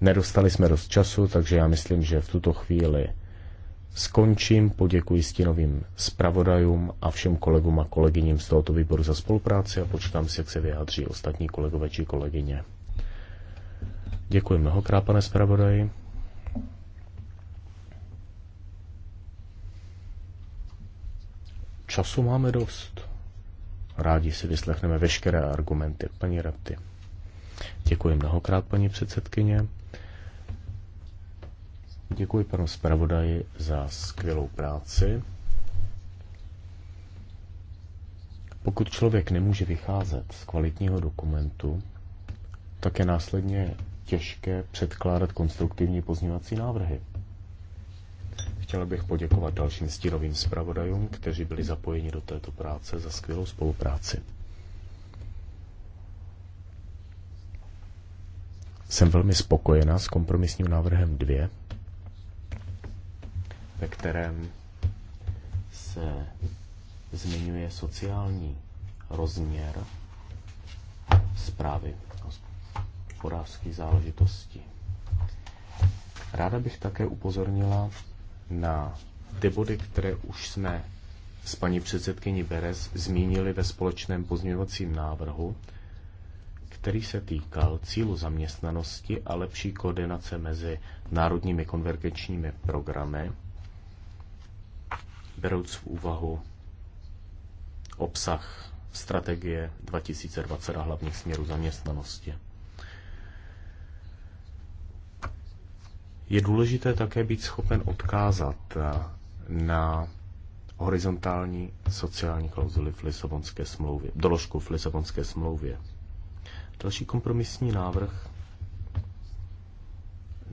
nedostali jsme dost času, takže já myslím, že v tuto chvíli skončím. Poděkuji stínovým zpravodajům a všem kolegům a kolegyním z tohoto výboru za spolupráci a počítám si, jak se vyjádří ostatní kolegové či kolegyně. Děkuji mnohokrát, pane zpravodaji. Času máme dost. Rádi si vyslechneme veškeré argumenty, paní Rapty. Děkuji mnohokrát, paní předsedkyně. Děkuji panu zpravodaji za skvělou práci. Pokud člověk nemůže vycházet z kvalitního dokumentu, tak je následně těžké předkládat konstruktivní pozměňovací návrhy. Chtěl bych poděkovat dalším stírovým zpravodajům, kteří byli zapojeni do této práce za skvělou spolupráci. Jsem velmi spokojená s kompromisním návrhem 2, ve kterém se zmiňuje sociální rozměr zprávy hospodářských záležitostí. Ráda bych také upozornila na ty body, které už jsme s paní předsedkyní Beres zmínili ve společném pozměňovacím návrhu, který se týkal cílu zaměstnanosti a lepší koordinace mezi národními konvergenčními programy, berouc v úvahu obsah strategie 2020 a hlavních směrů zaměstnanosti. Je důležité také být schopen odkázat eh, na horizontální sociální klauzuly v Lisabonské smlouvě, doložku v Lisabonské smlouvě. Další kompromisní návrh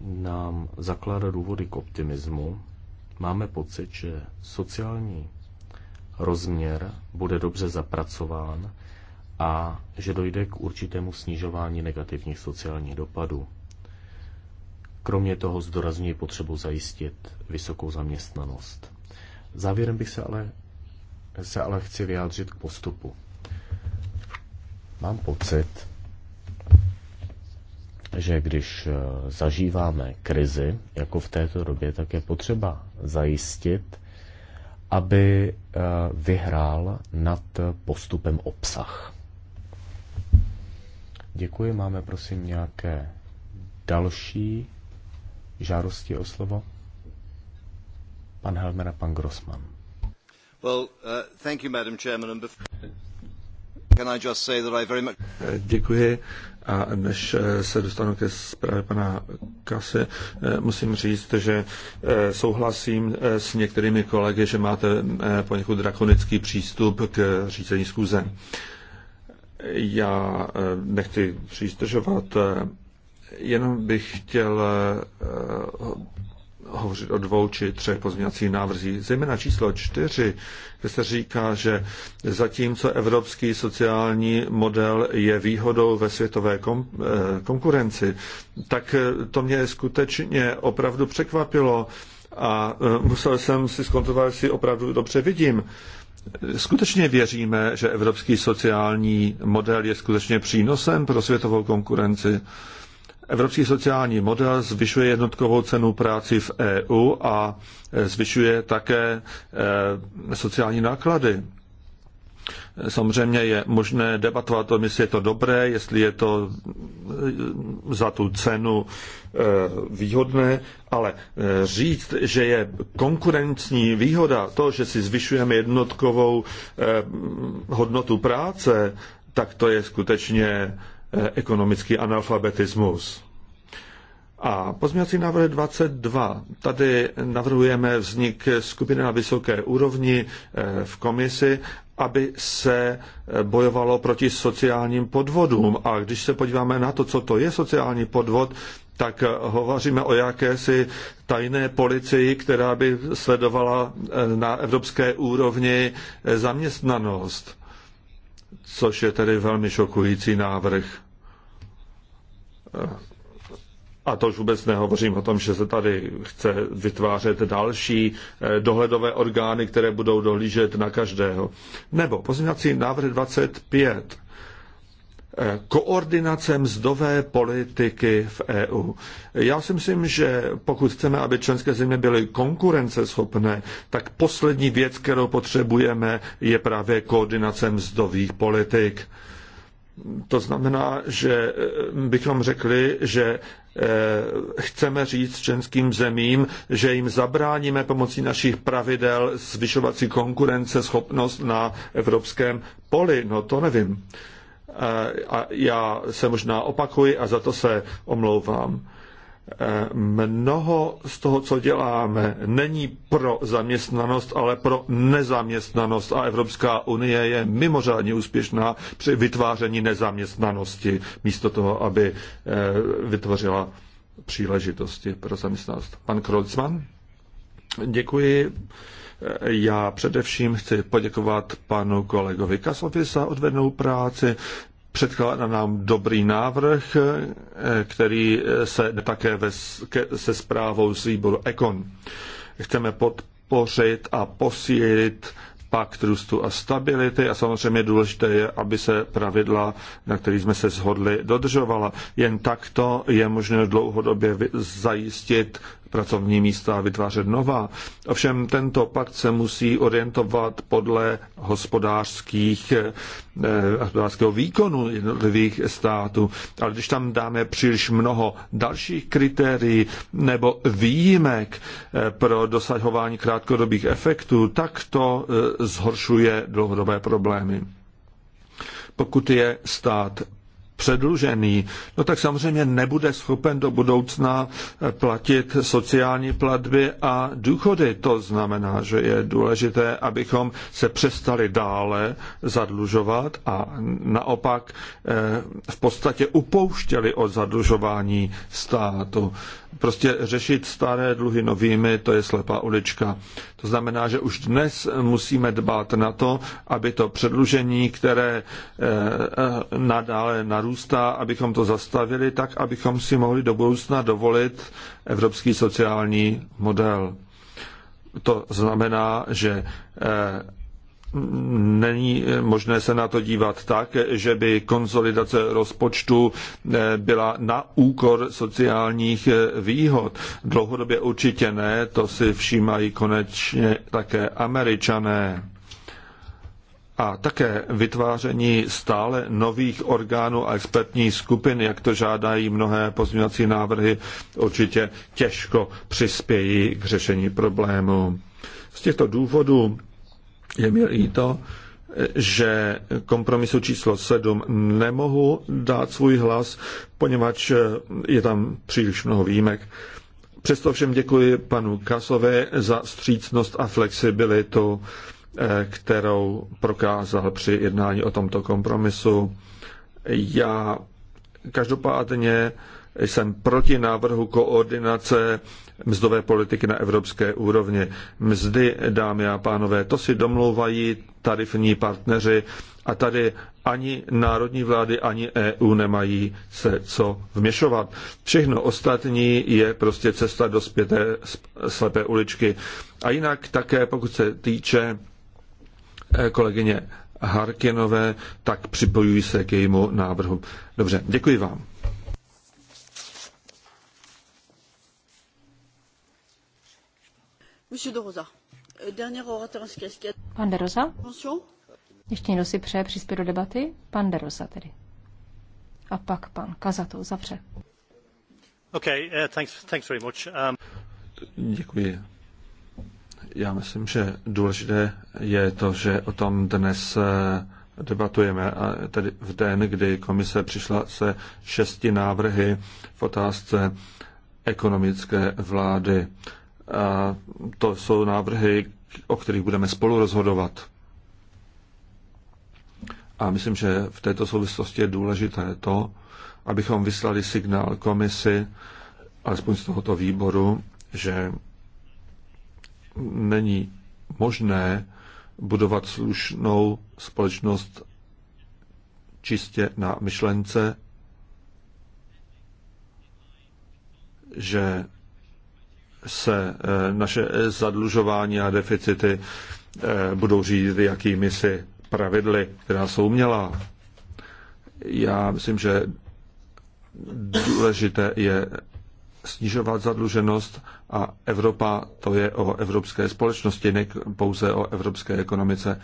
nám zakládá důvody k optimismu. Máme pocit, že sociální rozměr bude dobře zapracován a že dojde k určitému snižování negativních sociálních dopadů. Kromě toho zdorazňuje potřebu zajistit vysokou zaměstnanost. Závěrem bych se ale, se ale chci vyjádřit k postupu. Mám pocit, že když eh, zažíváme krizi, jako v této době, tak je potřeba zajistit, aby eh, vyhrál nad postupem obsah. Děkuji. Máme prosím nějaké další žádosti o slovo? Pan Helmer a pan Grossman. Well, uh, thank you, Madam Chairman. And Can I just say that I very much... Eh, děkuji. A než eh, se dostanu ke zprávě pana Kase, eh, musím říct, že souhlasím s některými kolegy, že máte poněkud drakonický přístup k řízení zkuze. Já nechci přístržovat Jenom bych chtěl eh, eh, hovořit o dvou či třech pozměňovacích návrzích. Zejména číslo čtyři, kde se říká, že zatímco evropský sociální model je výhodou ve světové kom, eh, konkurenci, tak to mě skutečně opravdu překvapilo a musel jsem si zkontrolovat, jestli opravdu dobře vidím. Skutečně věříme, že evropský sociální model je skutečně přínosem pro světovou konkurenci. Evropský sociální model zvyšuje jednotkovou cenu práci v EU a e, zvyšuje také e, sociální náklady. Samozřejmě je možné debatovat o tom, jestli je to dobré, jestli je to e, za tu cenu výhodné, ale říct, že je konkurenční výhoda to, že si zvyšujeme jednotkovou hodnotu práce, tak to je skutečně Eh, ekonomický analfabetismus. A pozměňovací návrh 22. Tady navrhujeme vznik skupiny na vysoké úrovni eh, v komisi, aby se eh, bojovalo proti sociálním podvodům. A když se podíváme na to, co to je sociální podvod, tak hovoříme o jakési tajné policii, která by sledovala na evropské úrovni zaměstnanost což je tedy velmi šokující návrh. A to už vůbec nehovořím o tom, že se tady chce vytvářet další eh, dohledové orgány, které budou dohlížet na každého. Nebo pozměňovací návrh 25 koordinace mzdové politiky v EU. Já si myslím, že pokud chceme, aby členské země byly konkurenceschopné, tak poslední věc, kterou potřebujeme, je právě koordinace mzdových politik. To znamená, že eh, bychom řekli, že eh, chceme říct členským zemím, že jim zabráníme pomocí našich pravidel zvyšovací konkurenceschopnost na evropském poli. No to nevím. Eh, a já se možná opakuji a za to se omlouvám. Eh, mnoho z toho, co děláme, není pro zaměstnanost, ale pro nezaměstnanost a Evropská unie je mimořádně úspěšná při vytváření nezaměstnanosti, místo toho, aby eh, vytvořila příležitosti pro zaměstnanost. Pan Krolcman? Děkuji. Já především chci poděkovat panu kolegovi Kasovi za odvednou práci. Předkládá nám dobrý návrh, který se také ve, se zprávou z výboru Ekon. Chceme podpořit a posílit pakt růstu a stability a samozřejmě důležité je, aby se pravidla, na kterých jsme se shodli, dodržovala. Jen takto je možné dlouhodobě zajistit pracovní místa a vytvářet nová. Ovšem tento pakt se musí orientovat podle hospodářských, eh, hospodářského výkonu jednotlivých států. Ale když tam dáme příliš mnoho dalších kritérií nebo výjimek eh, pro dosahování krátkodobých efektů, tak to eh, zhoršuje dlouhodobé problémy. Pokud je stát předlužený, no tak samozřejmě nebude schopen do budoucna eh, platit sociální platby a důchody. To znamená, že je důležité, abychom se přestali dále zadlužovat a naopak eh, v podstatě upouštěli od zadlužování státu prostě řešit staré dluhy novými, to je slepá ulička. To znamená, že už dnes musíme dbát na to, aby to předlužení, které eh, eh, nadále narůstá, abychom to zastavili tak, abychom si mohli do budoucna dovolit evropský sociální model. To znamená, že eh, není možné se na to dívat tak, že by konsolidace rozpočtu eh, byla na úkor sociálních eh, výhod. Dlouhodobě určitě ne, to si všímají konečně také američané. A také vytváření stále nových orgánů a expertních skupin, jak to žádají mnohé pozměňovací návrhy, určitě těžko přispějí k řešení problému. Z těchto důvodů je mi líto, že kompromisu číslo 7 nemohu dát svůj hlas, poněvadž je tam příliš mnoho výjimek. Přesto všem děkuji panu Kasovi za střícnost a flexibilitu, eh, kterou prokázal při jednání o tomto kompromisu. Já každopádně jsem proti návrhu koordinace mzdové politiky na evropské úrovni. Mzdy, dámy a pánové, to si domlouvají tarifní partneři a tady ani národní vlády, ani EU nemají se co vměšovat. Všechno ostatní je prostě cesta do zpěté slepé uličky. A jinak také, pokud se týče eh, kolegyně Harkinové, tak připojují se k jejímu návrhu. Dobře, děkuji vám. de Rosa. Euh, pan de Rosa? Ještě někdo si přeje přispět do debaty? Pan de Rosa tedy. A pak pan Kazato zavře. Okay, uh, thanks, thanks very much. Um... Děkuji. Já myslím, že důležité je to, že o tom dnes uh, debatujeme, a tedy v den, kdy komise přišla se šesti návrhy v otázce ekonomické vlády to jsou návrhy, o kterých budeme spolu rozhodovat. A myslím, že v této souvislosti je důležité to, abychom vyslali signál komisi, alespoň z tohoto výboru, že není možné budovat slušnou společnost čistě na myšlence, že se eh, naše zadlužování a deficity eh, budou řídit jakými si pravidly, která jsou umělá. Já myslím, že důležité je snižovat zadluženost a Evropa, to je o evropské společnosti, ne pouze o evropské ekonomice.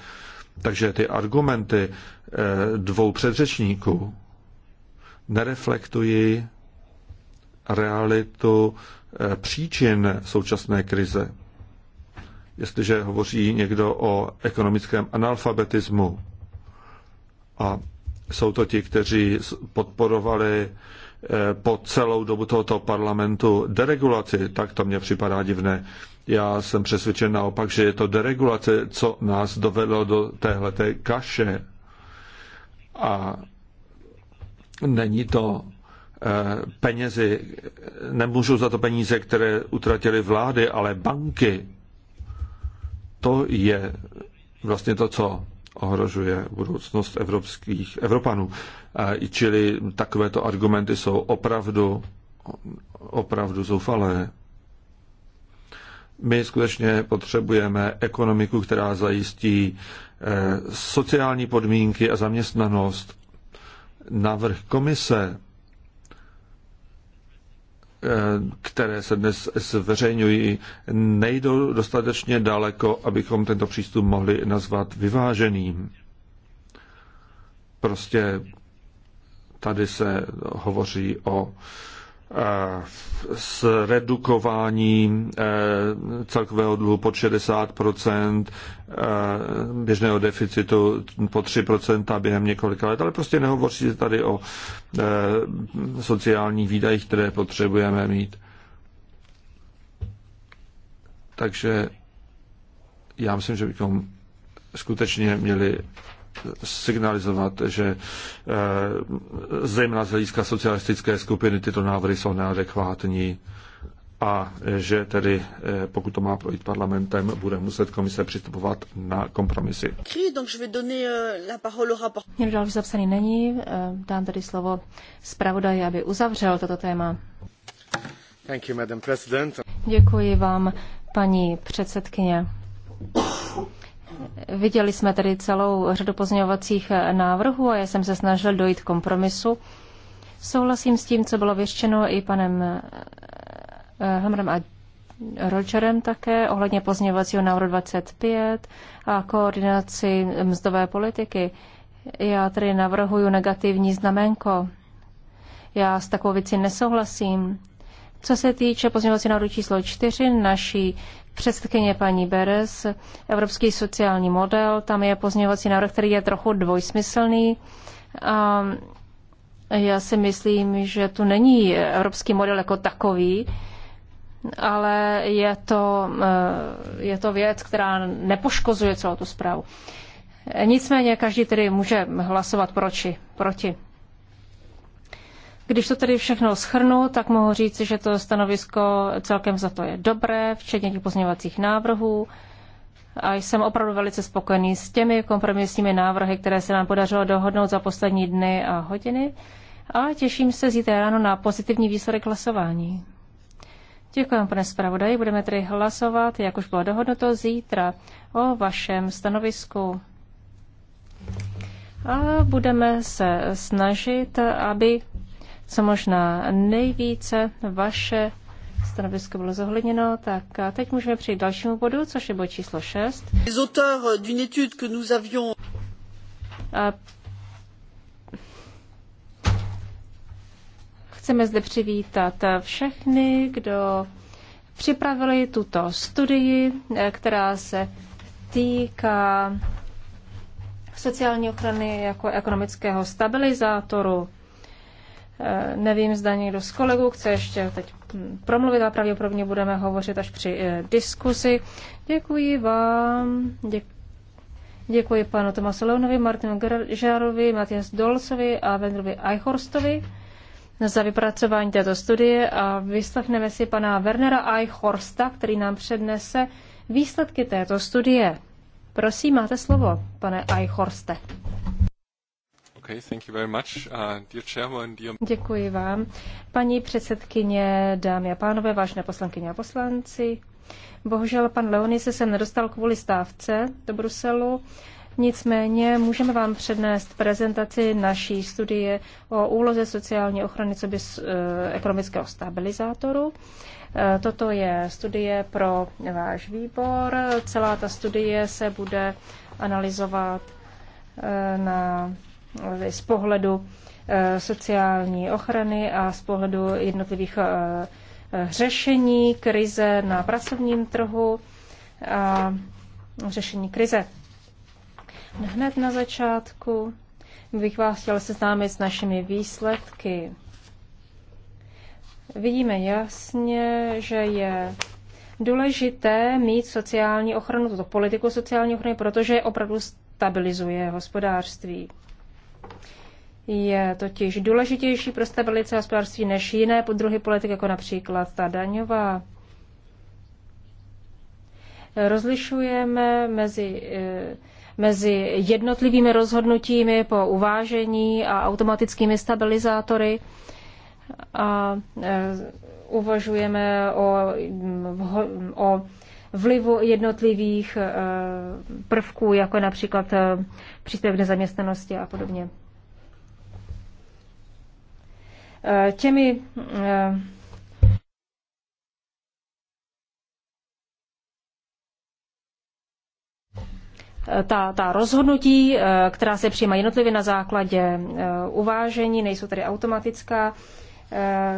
Takže ty argumenty eh, dvou předřečníků nereflektují realitu eh, příčin současné krize. Jestliže hovoří někdo o ekonomickém analfabetismu a jsou to ti, kteří podporovali eh, po celou dobu tohoto parlamentu deregulaci, tak to mně připadá divné. Já jsem přesvědčen naopak, že je to deregulace, co nás dovedlo do téhleté kaše. A není to Eh, penězi, nemůžou za to peníze, které utratily vlády, ale banky, to je vlastně to, co ohrožuje budoucnost evropských Evropanů. Eh, čili takovéto argumenty jsou opravdu, opravdu zoufalé. My skutečně potřebujeme ekonomiku, která zajistí eh, sociální podmínky a zaměstnanost. Navrh komise které se dnes zveřejňují, nejdou dostatečně daleko, abychom tento přístup mohli nazvat vyváženým. Prostě tady se hovoří o s redukováním e, celkového dluhu pod 60 e, běžného deficitu po 3 během několika let, ale prostě nehovoří tady o e, sociálních výdajích, které potřebujeme mít. Takže já myslím, že bychom skutečně měli signalizovat, že eh, zejména z hlediska socialistické skupiny tyto návrhy jsou neadekvátní a že tedy, eh, pokud to má projít parlamentem, bude muset komise přistupovat na kompromisy. Někdo další zapsaný není, eh, dám tedy slovo zpravodaji, aby uzavřel toto téma. Thank you, Madam President. Děkuji vám, paní předsedkyně. Viděli jsme tady celou řadu pozměňovacích eh, návrhů a já jsem se snažil dojít kompromisu. Souhlasím s tím, co bylo vyřčeno i panem eh, eh, Hamrem a Rogerem také ohledně pozměňovacího návrhu 25 a koordinaci mzdové politiky. Já tedy navrhuju negativní znamenko. Já s takovou věcí nesouhlasím. Co se týče pozměňovací návrhu číslo 4 naší předsedkyně paní Beres, Evropský sociální model, tam je pozměňovací návrh, který je trochu dvojsmyslný. A já si myslím, že tu není evropský model jako takový, ale je to, eh, je to věc, která nepoškozuje celou tu zprávu. Nicméně každý tedy může hlasovat proči, proti. Když to tedy všechno schrnu, tak mohu říct, že to stanovisko celkem za to je dobré, včetně těch pozměňovacích návrhů. A jsem opravdu velice spokojený s těmi kompromisními návrhy, které se nám podařilo dohodnout za poslední dny a hodiny. A těším se zítra ráno na pozitivní výsledek hlasování. Děkujeme, pane zpravodaji. Budeme tedy hlasovat, jak už bylo dohodnuto, zítra o vašem stanovisku. A budeme se snažit, aby co možná nejvíce vaše stanovisko bylo zohledněno, tak a teď můžeme přejít k dalšímu bodu, což je bod číslo 6. Les auteurs d'une étude que nous avions... A... Chceme zde přivítat všechny, kdo připravili tuto studii, která se týká sociální ochrany jako ekonomického stabilizátoru. Eh, nevím, zda někdo z kolegů chce ještě teď hm, promluvit, ale pravděpodobně budeme hovořit až při eh, diskuzi. Děkuji vám. Děkuji. Děkuji panu Tomasu Leunovi, Martinu Gržárovi, Matias Dolcovi a Vendrovi Eichhorstovi za vypracování této studie a vyslechneme si pana Wernera Eichhorsta, který nám přednese výsledky této studie. Prosím, máte slovo, pane Eichhorste. Okay, thank you very much. Uh, dear chairman, dear... Děkuji vám. Paní předsedkyně, dámy a pánové, vážné poslankyně a poslanci, bohužel pan Leoni se sem nedostal kvůli stávce do Bruselu, nicméně můžeme vám přednést prezentaci naší studie o úloze sociální ochrany co by e, ekonomického stabilizátoru. Eh, toto je studie pro váš výbor. Celá ta studie se bude analyzovat eh, na Eh, z pohledu eh, sociální ochrany a z pohledu jednotlivých eh, řešení krize na pracovním trhu a řešení krize. Hned na začátku bych vás chtěl seznámit s našimi výsledky. Vidíme jasně, že je důležité mít sociální ochranu, tuto politiku sociální ochrany, protože opravdu stabilizuje hospodářství je totiž důležitější pro stabilitu hospodářství než jiné podruhy politik, jako například ta daňová. Rozlišujeme mezi, eh, mezi jednotlivými rozhodnutími po uvážení a automatickými stabilizátory a eh, uvažujeme o, o vlivu jednotlivých eh, prvků, jako například příspěvek nezaměstnanosti a podobně. Eh, těmi eh, ta, ta rozhodnutí, eh, která se přijímají jednotlivě na základě uvážení, nejsou tedy automatická,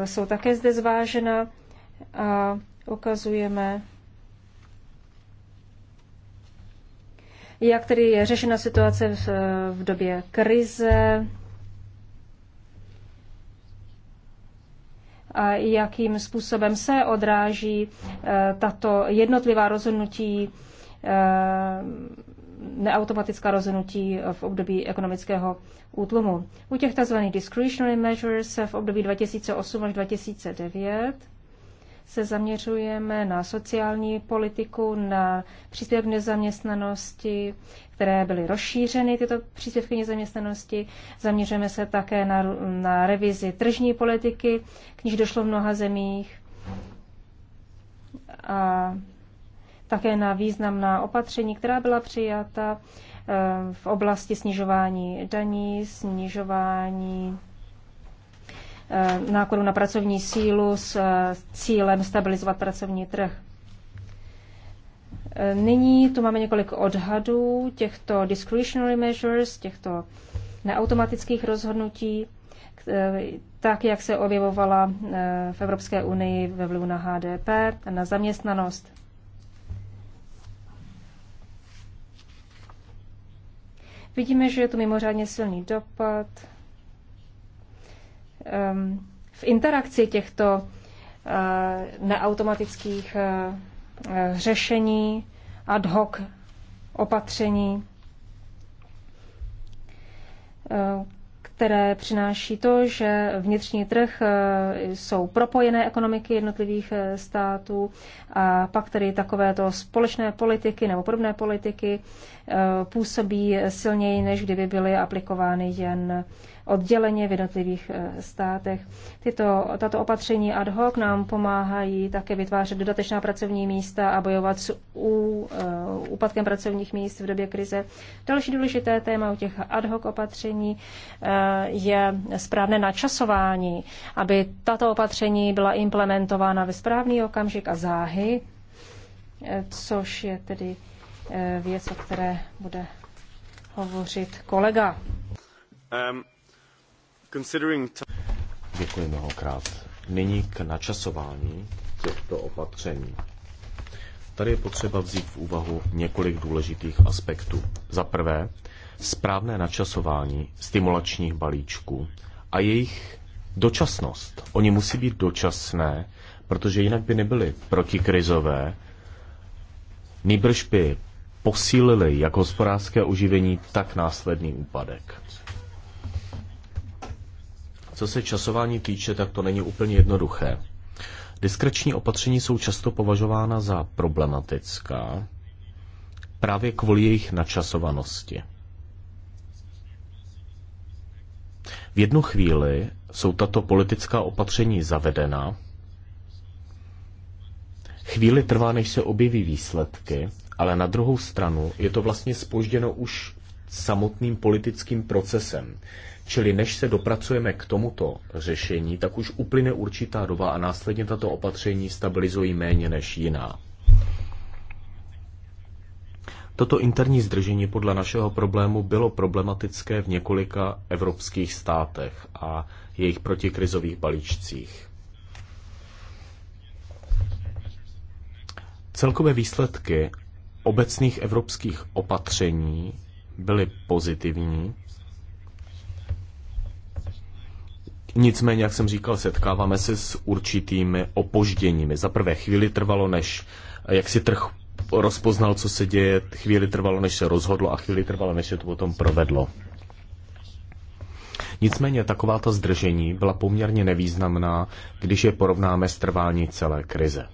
jsou také zde zvážena a ukazujeme, jak tedy je řešena situace v, v době krize, a jakým způsobem se odráží eh, tato jednotlivá rozhodnutí, eh, neautomatická rozhodnutí v období ekonomického útlumu. U těch tzv. discretionary measures v období 2008 až 2009 se zaměřujeme na sociální politiku, na příspěvek nezaměstnanosti, které byly rozšířeny, tyto příspěvky nezaměstnanosti. Zaměřujeme se také na, na revizi tržní politiky, k níž došlo v mnoha zemích. A také na významná opatření, která byla přijata eh, v oblasti snižování daní, snižování eh, nákladů na pracovní sílu s eh, cílem stabilizovat pracovní trh. Nyní tu máme několik odhadů těchto discretionary measures, těchto neautomatických rozhodnutí, tak, jak se objevovala eh, v Evropské unii ve vlivu na HDP, na zaměstnanost. Vidíme, že je tu mimořádně silný dopad. Ehm, v interakci těchto eh, neautomatických eh, Eh, řešení, ad hoc opatření, eh, které přináší to, že vnitřní trh eh, jsou propojené ekonomiky jednotlivých států a pak tedy takovéto společné politiky nebo podobné politiky působí silněji, než kdyby byly aplikovány jen odděleně v jednotlivých eh, státech. Tyto, tato opatření ad hoc nám pomáhají také vytvářet dodatečná pracovní místa a bojovat s ú, eh, úpadkem pracovních míst v době krize. Další důležité téma u těch ad hoc opatření eh, je správné načasování, aby tato opatření byla implementována ve správný okamžik a záhy, což je tedy věc, o které bude hovořit kolega. Um, Děkuji mnohokrát. Nyní k načasování těchto opatření. Tady je potřeba vzít v úvahu několik důležitých aspektů. Za prvé, správné načasování stimulačních balíčků a jejich dočasnost. Oni musí být dočasné, protože jinak by nebyly protikrizové, nýbrž by posílili jak hospodářské oživení, tak následný úpadek. Co se časování týče, tak to není úplně jednoduché. Diskreční opatření jsou často považována za problematická právě kvůli jejich načasovanosti. V jednu chvíli jsou tato politická opatření zavedena, chvíli trvá, než se objeví výsledky, ale na druhou stranu je to vlastně spožděno už samotným politickým procesem. Čili než se dopracujeme k tomuto řešení, tak už uplyne určitá doba a následně tato opatření stabilizují méně než jiná. Toto interní zdržení podle našeho problému bylo problematické v několika evropských státech a jejich protikrizových balíčcích. Celkové výsledky obecných evropských opatření byly pozitivní. Nicméně, jak jsem říkal, setkáváme se s určitými opožděními. Za prvé chvíli trvalo, než jak si trh rozpoznal, co se děje, chvíli trvalo, než se rozhodlo a chvíli trvalo, než se to potom provedlo. Nicméně taková ta zdržení byla poměrně nevýznamná, když je porovnáme s trvání celé krize.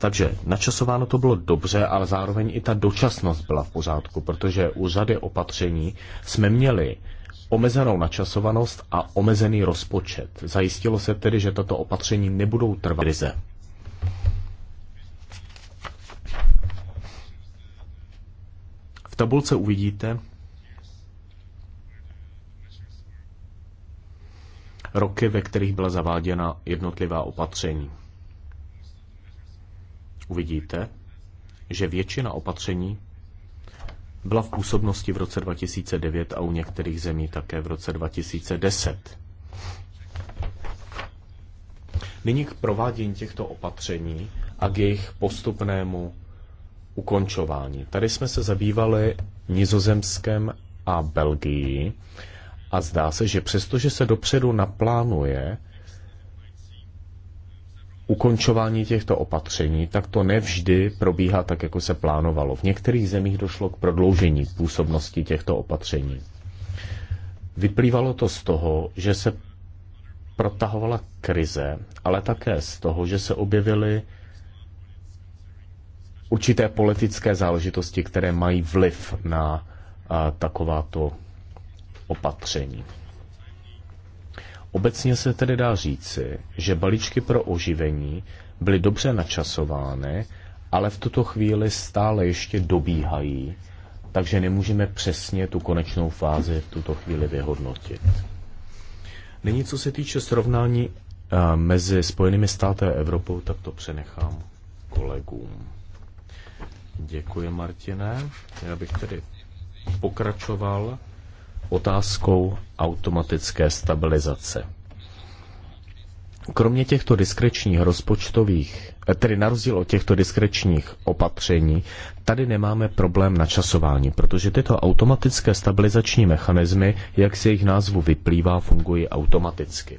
Takže načasováno to bylo dobře, ale zároveň i ta dočasnost byla v pořádku, protože u řady opatření jsme měli omezenou načasovanost a omezený rozpočet. Zajistilo se tedy, že tato opatření nebudou trvat krize. V tabulce uvidíte roky, ve kterých byla zaváděna jednotlivá opatření uvidíte, že většina opatření byla v působnosti v roce 2009 a u některých zemí také v roce 2010. Nyní k provádění těchto opatření a k jejich postupnému ukončování. Tady jsme se zabývali Nizozemskem a Belgii a zdá se, že přestože se dopředu naplánuje, ukončování těchto opatření, tak to nevždy probíhá tak, jako se plánovalo. V některých zemích došlo k prodloužení působnosti těchto opatření. Vyplývalo to z toho, že se protahovala krize, ale také z toho, že se objevily určité politické záležitosti, které mají vliv na takováto opatření. Obecně se tedy dá říci, že balíčky pro oživení byly dobře načasovány, ale v tuto chvíli stále ještě dobíhají, takže nemůžeme přesně tu konečnou fázi v tuto chvíli vyhodnotit. Nyní, co se týče srovnání eh, mezi Spojenými státy a Evropou, tak to přenechám kolegům. Děkuji, Martine. Já bych tedy pokračoval otázkou automatické stabilizace. Kromě těchto diskrečních rozpočtových, eh, tedy na rozdíl od těchto diskrečních opatření, tady nemáme problém na časování, protože tyto automatické stabilizační mechanismy, jak se jejich názvu vyplývá, fungují automaticky.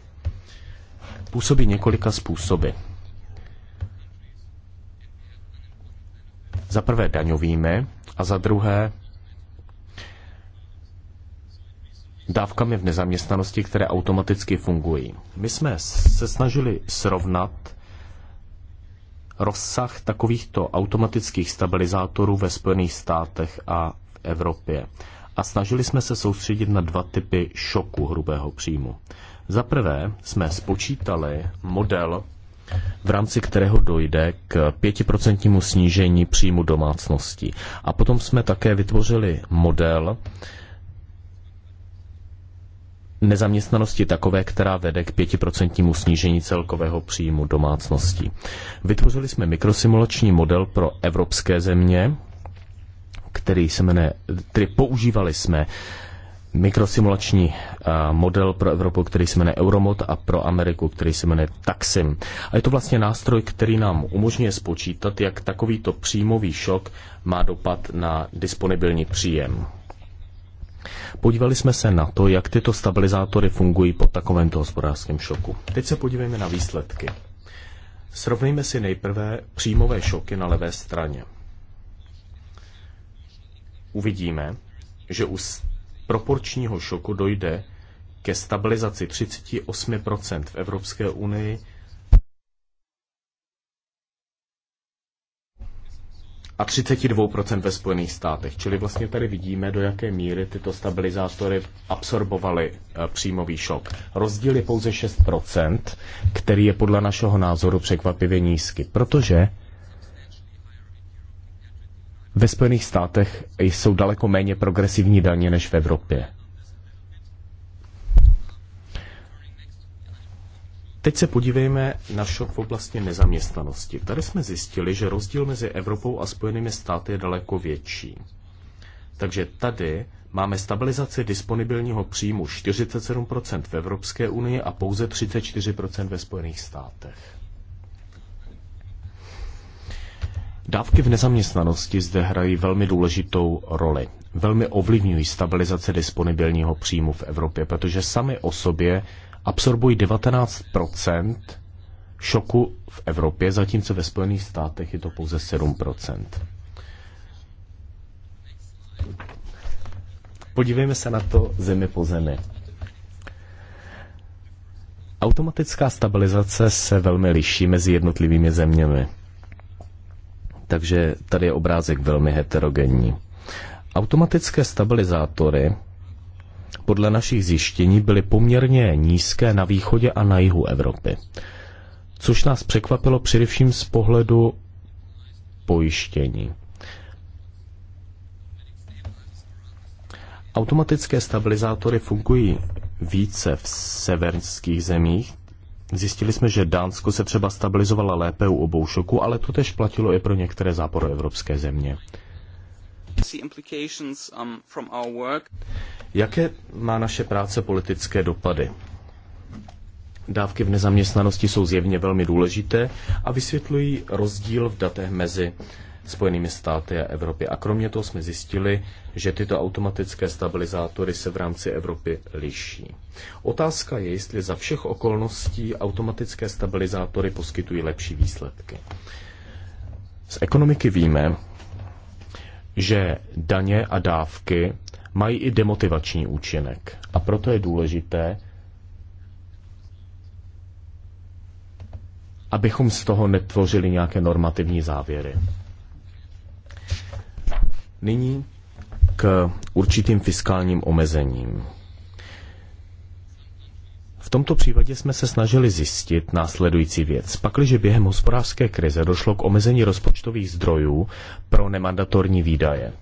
Působí několika způsoby. Za prvé daňovými a za druhé dávkami v nezaměstnanosti, které automaticky fungují. My jsme se snažili srovnat rozsah takovýchto automatických stabilizátorů ve Spojených státech a v Evropě. A snažili jsme se soustředit na dva typy šoku hrubého příjmu. Za prvé jsme spočítali model, v rámci kterého dojde k pětiprocentnímu snížení příjmu domácností. A potom jsme také vytvořili model, nezaměstnanosti takové, která vede k pětiprocentnímu snížení celkového příjmu domácností. Vytvořili jsme mikrosimulační model pro evropské země, který se jmenuje, tedy používali jsme mikrosimulační model pro Evropu, který se jmenuje Euromod a pro Ameriku, který se jmenuje Taxim. A je to vlastně nástroj, který nám umožňuje spočítat, jak takovýto příjmový šok má dopad na disponibilní příjem. Podívali jsme se na to, jak tyto stabilizátory fungují po takovémto hospodářském šoku. Teď se podívejme na výsledky. Srovnejme si nejprve příjmové šoky na levé straně. Uvidíme, že u proporčního šoku dojde ke stabilizaci 38% v Evropské unii a 32% ve Spojených státech. Čili vlastně tady vidíme, do jaké míry tyto stabilizátory absorbovaly eh, příjmový šok. Rozdíl je pouze 6%, který je podle našeho názoru překvapivě nízky, protože ve Spojených státech jsou daleko méně progresivní daně než v Evropě. Teď se podívejme na šok v oblasti nezaměstnanosti. Tady jsme zjistili, že rozdíl mezi Evropou a Spojenými státy je daleko větší. Takže tady máme stabilizaci disponibilního příjmu 47% v Evropské unii a pouze 34% ve Spojených státech. Dávky v nezaměstnanosti zde hrají velmi důležitou roli. Velmi ovlivňují stabilizaci disponibilního příjmu v Evropě, protože sami o sobě absorbují 19 šoku v Evropě, zatímco ve Spojených státech je to pouze 7 Podívejme se na to zemi po zemi. Automatická stabilizace se velmi liší mezi jednotlivými zeměmi. Takže tady je obrázek velmi heterogenní. Automatické stabilizátory podle našich zjištění byly poměrně nízké na východě a na jihu Evropy, což nás překvapilo především z pohledu pojištění. Automatické stabilizátory fungují více v severských zemích. Zjistili jsme, že Dánsko se třeba stabilizovala lépe u obou šoků, ale to tež platilo i pro některé záporoevropské země. Um, Jaké má naše práce politické dopady? Dávky v nezaměstnanosti jsou zjevně velmi důležité a vysvětlují rozdíl v datech mezi Spojenými státy a Evropy. A kromě toho jsme zjistili, že tyto automatické stabilizátory se v rámci Evropy liší. Otázka je, jestli za všech okolností automatické stabilizátory poskytují lepší výsledky. Z ekonomiky víme, že daně a dávky mají i demotivační účinek. A proto je důležité, abychom z toho netvořili nějaké normativní závěry. Nyní k určitým fiskálním omezením tomto případě jsme se snažili zjistit následující věc. Pakliže během hospodářské krize došlo k omezení rozpočtových zdrojů pro nemandatorní výdaje.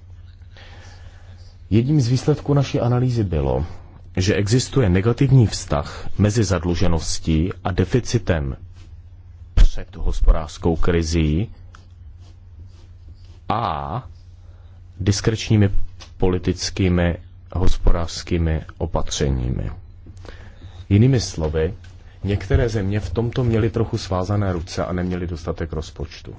Jedním z výsledků naší analýzy bylo, že existuje negativní vztah mezi zadlužeností a deficitem před hospodářskou krizí a diskrečními politickými hospodářskými opatřeními. Jinými slovy, některé země v tomto měly trochu svázané ruce a neměly dostatek rozpočtu.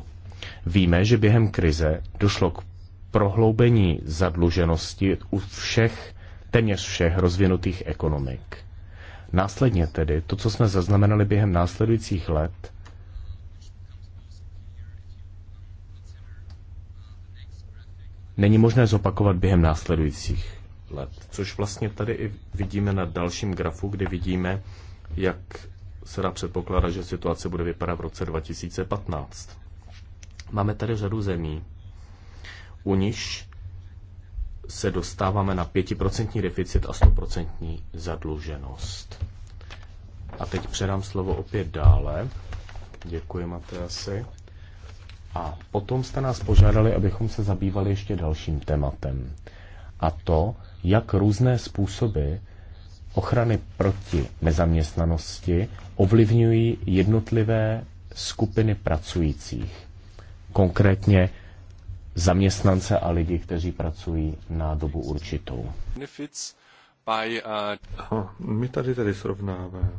Víme, že během krize došlo k prohloubení zadluženosti u všech, téměř všech rozvinutých ekonomik. Následně tedy to, co jsme zaznamenali během následujících let, není možné zopakovat během následujících let. Což vlastně tady i vidíme na dalším grafu, kde vidíme, jak se dá předpokládat, že situace bude vypadat v roce 2015. Máme tady řadu zemí, u níž se dostáváme na 5% deficit a 100% zadluženost. A teď předám slovo opět dále. Děkuji, Mateasi. A potom jste nás požádali, abychom se zabývali ještě dalším tématem. A to jak různé způsoby ochrany proti nezaměstnanosti ovlivňují jednotlivé skupiny pracujících, konkrétně zaměstnance a lidi, kteří pracují na dobu určitou. Aha, uh, my tady tedy srovnáváme,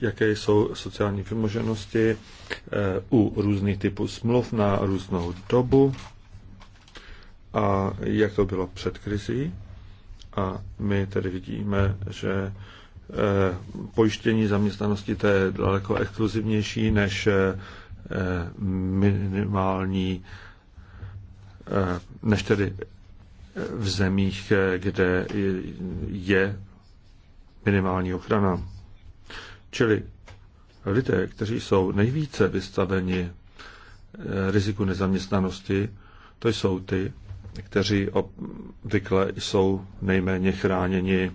jaké jsou sociální vymoženosti eh, u různých typů smluv na různou dobu a jak to bylo před krizí. A my tedy vidíme, že eh, pojištění zaměstnanosti to je daleko exkluzivnější než eh, minimální, eh, než tedy v zemích, kde je minimální ochrana. Čili lidé, kteří jsou nejvíce vystaveni riziku nezaměstnanosti, to jsou ty, kteří obvykle jsou nejméně chráněni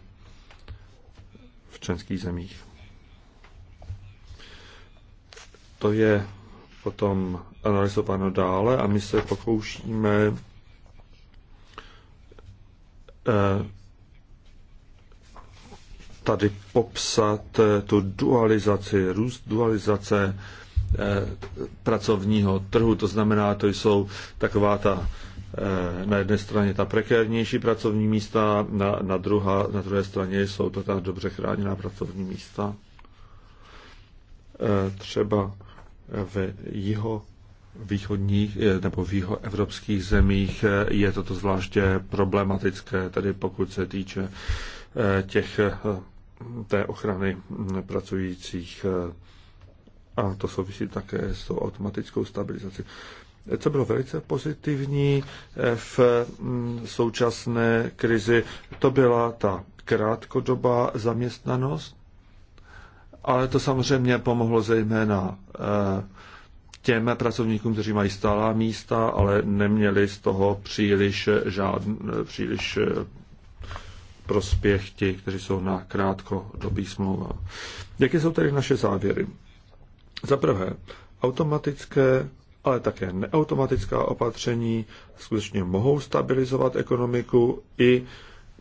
v členských zemích. To je potom analyzováno dále a my se pokoušíme eh, tady popsat eh, tu dualizaci, růst dualizace eh, pracovního trhu. To znamená, to jsou taková ta Eh, na jedné straně ta prekérnější pracovní místa, na, na, druhá, na druhé straně jsou to ta dobře chráněná pracovní místa. Eh, třeba eh, v jeho východních nebo výho evropských zemích je toto zvláště problematické, tedy pokud se týče těch té ochrany hm, pracujících a to souvisí také s tou automatickou stabilizací co bylo velice pozitivní eh, v mm, současné krizi, to byla ta krátkodobá zaměstnanost, ale to samozřejmě pomohlo zejména eh, těm pracovníkům, kteří mají stálá místa, ale neměli z toho příliš, eh, žádn, příliš prospěch ti, kteří jsou na krátkodobý smlouva. Jaké jsou tedy naše závěry? Za prvé, automatické ale také neautomatická opatření skutečně mohou stabilizovat ekonomiku i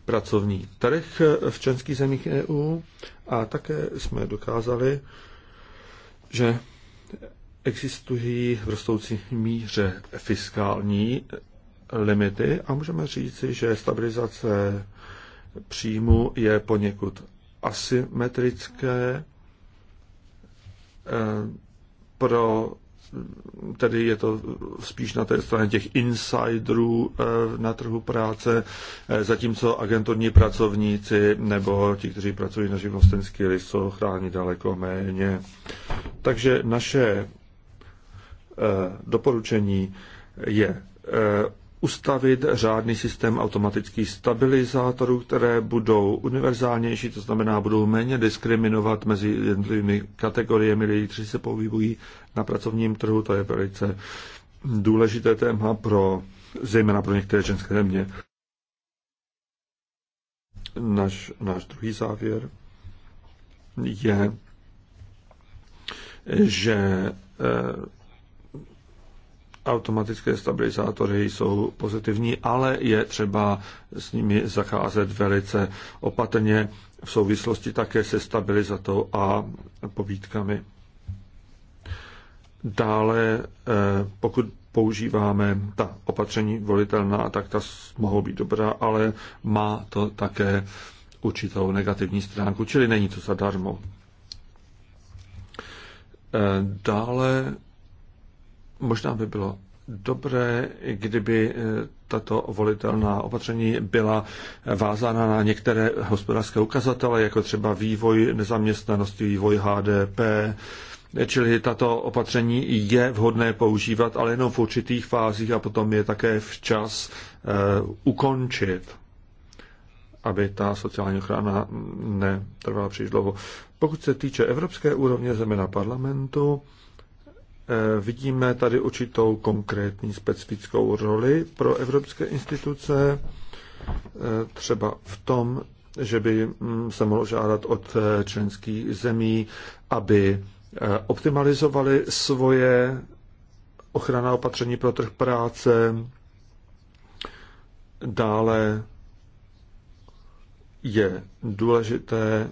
pracovní trh v členských zemích EU a také jsme dokázali, že existují v rostoucí míře fiskální limity a můžeme říci, že stabilizace příjmu je poněkud asymetrické eh, pro tedy je to spíš na té straně těch insiderů eh, na trhu práce, eh, zatímco agenturní pracovníci nebo ti, kteří pracují na živnostenský list, jsou chráni daleko méně. Takže naše eh, doporučení je ustavit řádný systém automatických stabilizátorů, které budou univerzálnější, to znamená, budou méně diskriminovat mezi jednotlivými kategoriemi lidí, kteří se pohybují na pracovním trhu. To je velice důležité téma pro zejména pro některé české země. Naš, náš druhý závěr je, že eh, automatické stabilizátory jsou pozitivní, ale je třeba s nimi zacházet velice opatrně v souvislosti také se stabilizatou a pobítkami. Dále, eh, pokud používáme ta opatření volitelná, tak ta mohou být dobrá, ale má to také určitou negativní stránku, čili není to zadarmo. Eh, dále možná by bylo dobré, kdyby eh, tato volitelná opatření byla vázána na některé hospodářské ukazatele, jako třeba vývoj nezaměstnanosti, vývoj HDP, Čili tato opatření je vhodné používat, ale jenom v určitých fázích a potom je také včas eh, ukončit, aby ta sociální ochrana netrvala příliš dlouho. Pokud se týče evropské úrovně zeměna parlamentu, eh, vidíme tady určitou konkrétní specifickou roli pro evropské instituce, eh, třeba v tom, že by mm, se mohlo žádat od členských zemí, aby Eh, optimalizovali svoje ochrana opatření pro trh práce, dále je důležité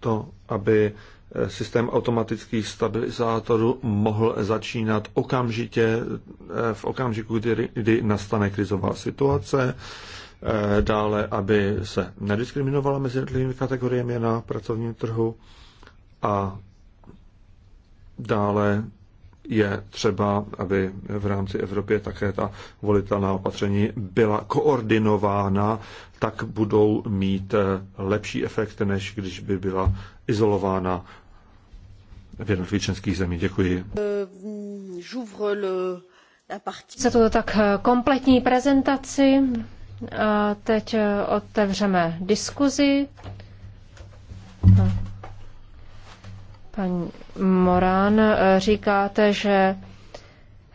to, aby eh, systém automatických stabilizátorů mohl začínat okamžitě, eh, v okamžiku, kdy, kdy nastane krizová situace, dále, aby se nediskriminovala mezi jednotlivými kategoriemi na pracovním trhu a Dále je třeba, aby v rámci Evropy také ta volitelná opatření byla koordinována, tak budou mít lepší efekt, než když by byla izolována v jednotlivých členských zemích. Děkuji. Za tuto tak kompletní prezentaci. A teď otevřeme diskuzi. No. Paní Morán, eh, říkáte, že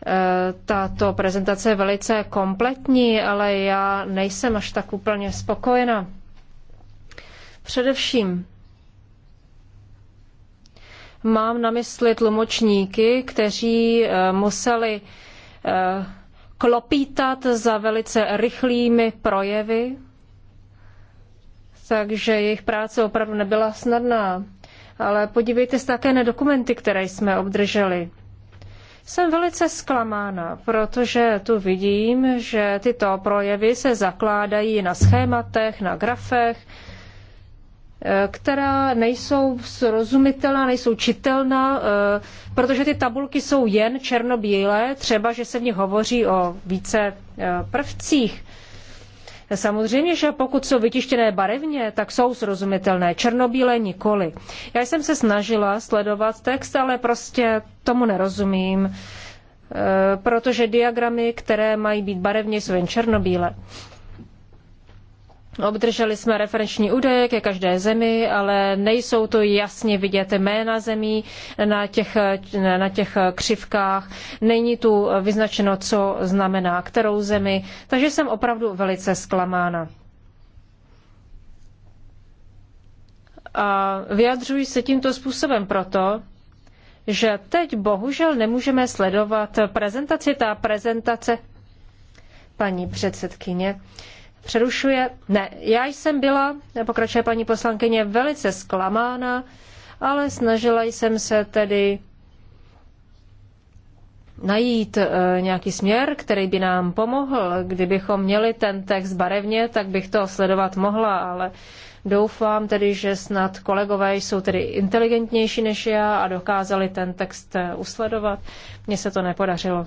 eh, tato prezentace je velice kompletní, ale já nejsem až tak úplně spokojena. Především mám na mysli tlumočníky, kteří eh, museli klopítat za velice rychlými projevy, takže jejich práce opravdu nebyla snadná ale podívejte se také na dokumenty, které jsme obdrželi. Jsem velice zklamána, protože tu vidím, že tyto projevy se zakládají na schématech, na grafech, eh, která nejsou srozumitelná, nejsou čitelná, eh, protože ty tabulky jsou jen černobílé, třeba, že se v nich hovoří o více eh, prvcích. Samozřejmě, že pokud jsou vytištěné barevně, tak jsou srozumitelné, černobílé nikoli. Já jsem se snažila sledovat text, ale prostě tomu nerozumím, eh, protože diagramy, které mají být barevně, jsou jen černobílé. Obdrželi jsme referenční údaje ke každé zemi, ale nejsou to jasně vidět jména zemí na těch, na těch křivkách. Není tu vyznačeno, co znamená kterou zemi, takže jsem opravdu velice zklamána. A vyjadřuji se tímto způsobem proto, že teď bohužel nemůžeme sledovat prezentaci. Ta prezentace paní předsedkyně přerušuje. Ne, já jsem byla, pokračuje paní poslankyně, velice zklamána, ale snažila jsem se tedy najít eh, nějaký směr, který by nám pomohl. Kdybychom měli ten text barevně, tak bych to sledovat mohla, ale doufám tedy, že snad kolegové jsou tedy inteligentnější než já a dokázali ten text eh, usledovat. Mně se to nepodařilo.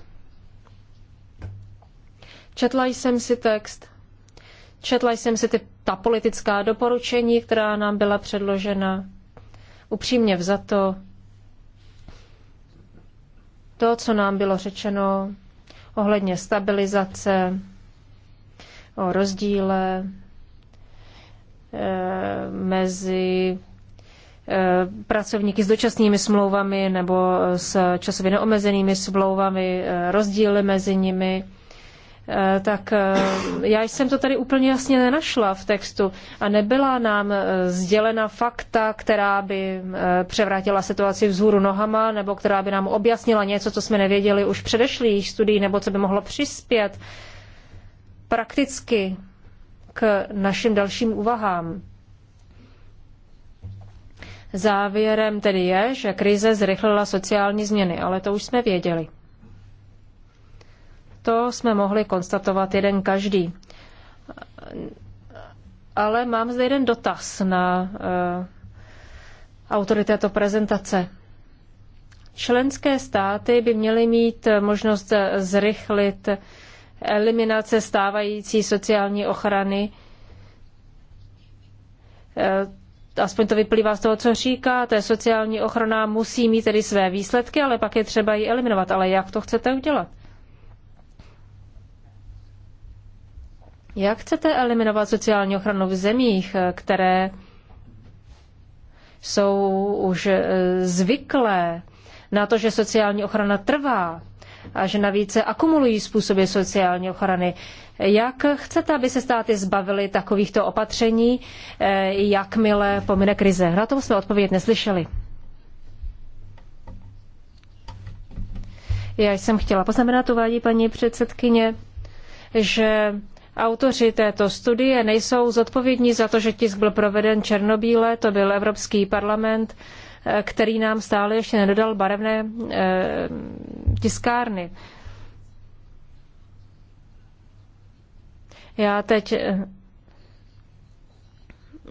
Četla jsem si text Četla jsem si ty, ta politická doporučení, která nám byla předložena. Upřímně vzato, to, co nám bylo řečeno ohledně stabilizace, o rozdíle e, mezi eh, pracovníky s dočasnými smlouvami nebo s časově neomezenými smlouvami, eh, rozdíly mezi nimi. Eh, tak eh, já jsem to tady úplně jasně nenašla v textu a nebyla nám eh, sdělena fakta, která by převrátila situaci vzhůru nohama nebo která by nám objasnila něco, co jsme nevěděli už v předešlých studií nebo co by mohlo přispět prakticky k našim dalším úvahám. Závěrem tedy je, že krize zrychlila sociální změny, ale to už jsme věděli to jsme mohli konstatovat jeden každý. Ale mám zde jeden dotaz na eh, autory této prezentace. Členské státy by měly mít možnost zrychlit eliminace stávající sociální ochrany. Eh, aspoň to vyplývá z toho, co říká, to sociální ochrana musí mít tedy své výsledky, ale pak je třeba ji eliminovat. Ale jak to chcete udělat? Jak chcete eliminovat sociální ochranu v zemích, eh, které jsou už eh, zvyklé na to, že sociální ochrana trvá a že navíc se akumulují způsoby sociální ochrany. Jak chcete, aby se státy zbavily takovýchto opatření, eh, jakmile pomine krize? Na to jsme odpověď neslyšeli. Já jsem chtěla poznamenat, uvádí paní předsedkyně, že Autoři této studie nejsou zodpovědní za to, že tisk byl proveden černobíle, to byl Evropský parlament, eh, který nám stále ještě nedodal barevné eh, tiskárny. Já teď eh,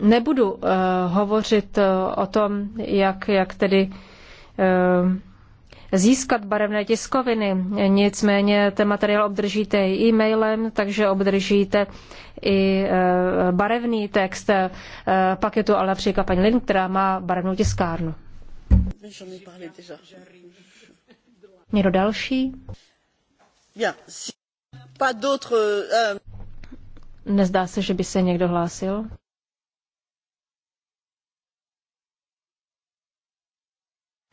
nebudu eh, hovořit eh, o tom, jak, jak tedy eh, získat barevné tiskoviny. Nicméně ten materiál obdržíte i e-mailem, takže obdržíte i e, barevný text. E, pak je tu ale například paní Lin, která má barevnou tiskárnu. Někdo další? Euh, Nezdá se, že by se někdo hlásil.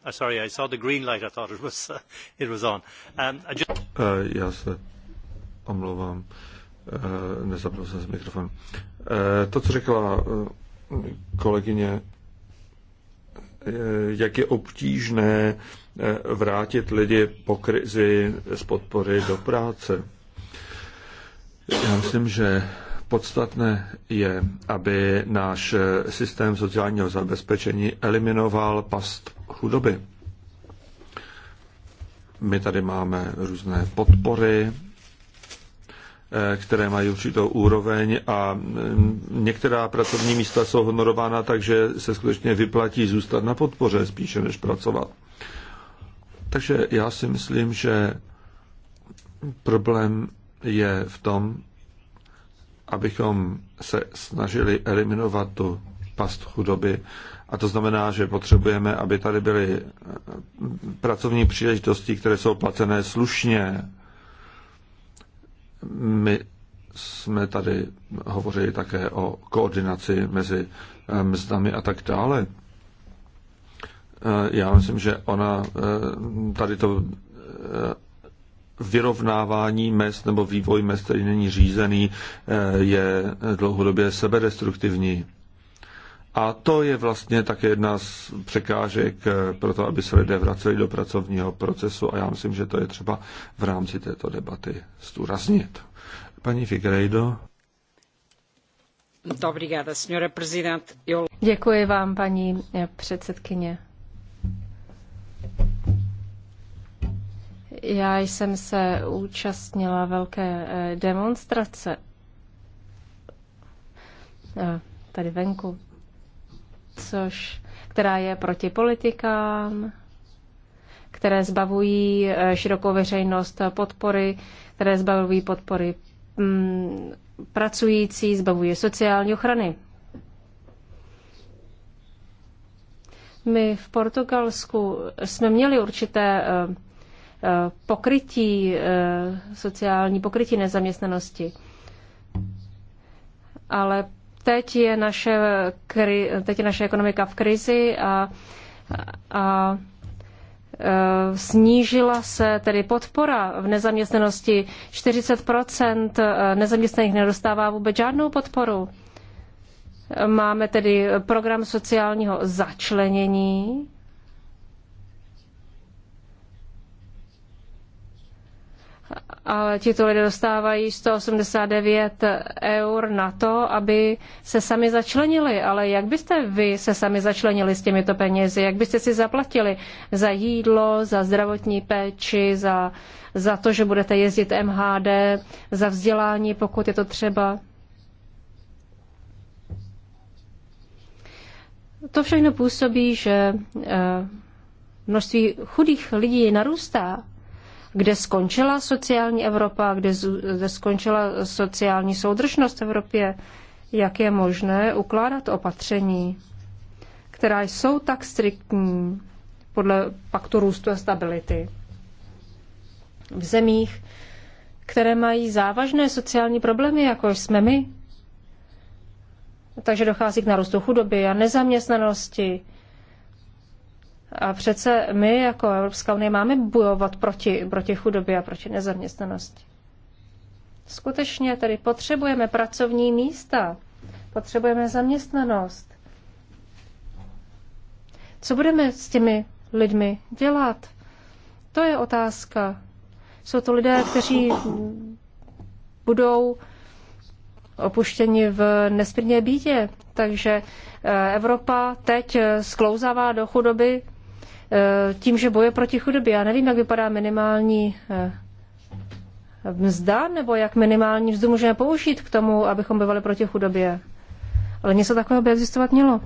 Uh, sorry, I já se omlouvám. Uh, nezapnul jsem mikrofon. Uh, to, co řekla uh, kolegyně, jak je obtížné vrátit lidi po krizi z podpory do práce. Já myslím, že Podstatné je, aby náš eh, systém sociálního zabezpečení eliminoval past chudoby. My tady máme různé podpory, eh, které mají určitou úroveň a mm, některá pracovní místa jsou honorována, takže se skutečně vyplatí zůstat na podpoře spíše než pracovat. Takže já si myslím, že problém je v tom, abychom se snažili eliminovat tu past chudoby. A to znamená, že potřebujeme, aby tady byly eh, pracovní příležitosti, které jsou placené slušně. My jsme tady hovořili také o koordinaci mezi eh, mzdami a tak dále. Eh, já myslím, že ona tady to vyrovnávání mest nebo vývoj mest, který není řízený, eh, je dlouhodobě sebedestruktivní. A to je vlastně také jedna z překážek eh, pro to, aby se lidé vraceli do pracovního procesu a já myslím, že to je třeba v rámci této debaty zdůraznit. Paní Figueiredo. Děkuji vám, paní eh, předsedkyně. Já jsem se účastnila velké eh, demonstrace eh, tady venku, což, která je proti politikám, které zbavují eh, širokou veřejnost podpory, které zbavují podpory mm, pracující, zbavuje sociální ochrany. My v Portugalsku jsme měli určité Eh, pokrytí, eh, sociální pokrytí nezaměstnanosti. Ale teď je naše, kri, teď je naše ekonomika v krizi a, a eh, snížila se tedy podpora v nezaměstnanosti. 40 nezaměstnaných nedostává vůbec žádnou podporu. Máme tedy program sociálního začlenění, ale tito lidé dostávají 189 eur na to, aby se sami začlenili. Ale jak byste vy se sami začlenili s těmito penězi? Jak byste si zaplatili za jídlo, za zdravotní péči, za, za to, že budete jezdit MHD, za vzdělání, pokud je to třeba? To všechno působí, že eh, množství chudých lidí narůstá kde skončila sociální Evropa, kde, kde skončila sociální soudržnost v Evropě, jak je možné ukládat opatření, která jsou tak striktní podle paktu růstu a stability v zemích, které mají závažné sociální problémy, jako jsme my. Takže dochází k narůstu chudoby a nezaměstnanosti, a přece my jako Evropská unie máme bojovat proti, proti chudobě a proti nezaměstnanosti. Skutečně tedy potřebujeme pracovní místa, potřebujeme zaměstnanost. Co budeme s těmi lidmi dělat? To je otázka. Jsou to lidé, kteří budou opuštěni v nesmírně bídě. Takže eh, Evropa teď sklouzává do chudoby Eh, tím, že boje proti chudobě. Já nevím, jak vypadá minimální eh, mzda, nebo jak minimální mzdu můžeme použít k tomu, abychom bojovali proti chudobě. Ale něco takového by existovat mělo.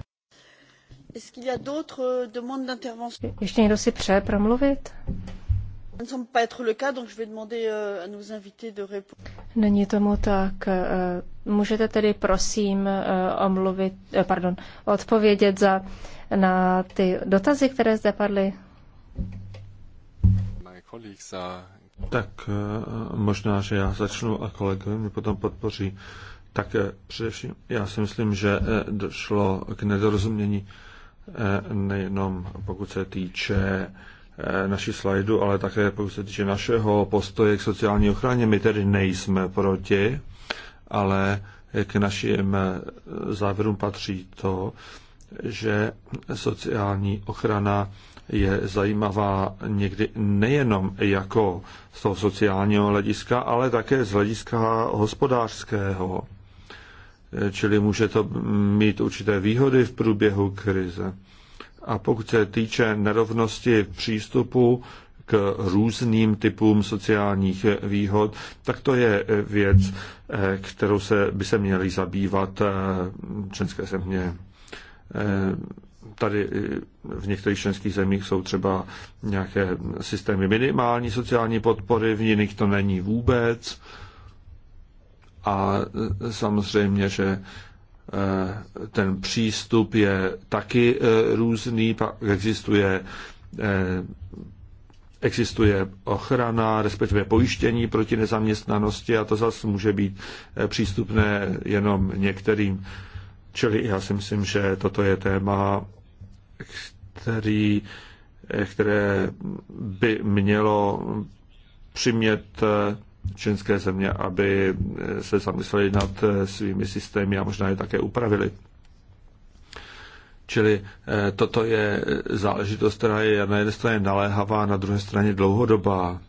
Euh, ještě někdo si pře promluvit? Euh, Není tomu tak. Eh, můžete tedy prosím omluvit, pardon, odpovědět za na ty dotazy, které zde padly? Tak eh, možná, že já začnu a kolegové mi potom podpoří. Tak eh, především já si myslím, že eh, došlo k nedorozumění nejenom pokud se týče naší slajdu, ale také pokud se týče našeho postoje k sociální ochraně. My tedy nejsme proti, ale k našim závěrům patří to, že sociální ochrana je zajímavá někdy nejenom jako z toho sociálního hlediska, ale také z hlediska hospodářského. Čili může to mít určité výhody v průběhu krize. A pokud se týče nerovnosti v přístupu k různým typům sociálních výhod, tak to je věc, eh, kterou se by se měly zabývat eh, členské země. Eh, tady eh, v některých členských zemích jsou třeba nějaké systémy minimální sociální podpory, v jiných to není vůbec. A eh, samozřejmě, že ten přístup je taky různý, pak existuje existuje ochrana, respektive pojištění proti nezaměstnanosti a to zase může být přístupné jenom některým Čili já si myslím, že toto je téma, který, které by mělo přimět čínské země, aby se zamysleli nad svými systémy a možná je také upravili. Čili eh, toto je záležitost, která je na jedné straně naléhavá, na druhé straně dlouhodobá.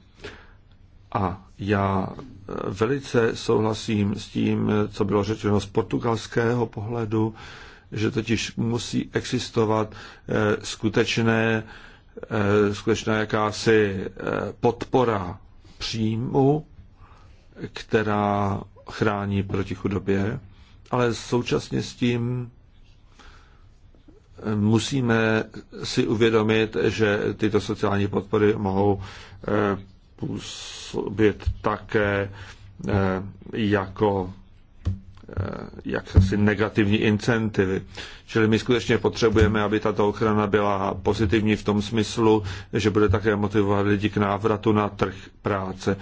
A já eh, velice souhlasím s tím, co bylo řečeno z portugalského pohledu, že totiž musí existovat eh, skutečné, eh, skutečná jakási podpora příjmu, která chrání proti chudobě, ale současně s tím musíme si uvědomit, že tyto sociální podpory mohou působit také eh, jako eh, jaksi negativní incentivy. Čili my skutečně potřebujeme, aby tato ochrana byla pozitivní v tom smyslu, že bude také motivovat lidi k návratu na trh práce.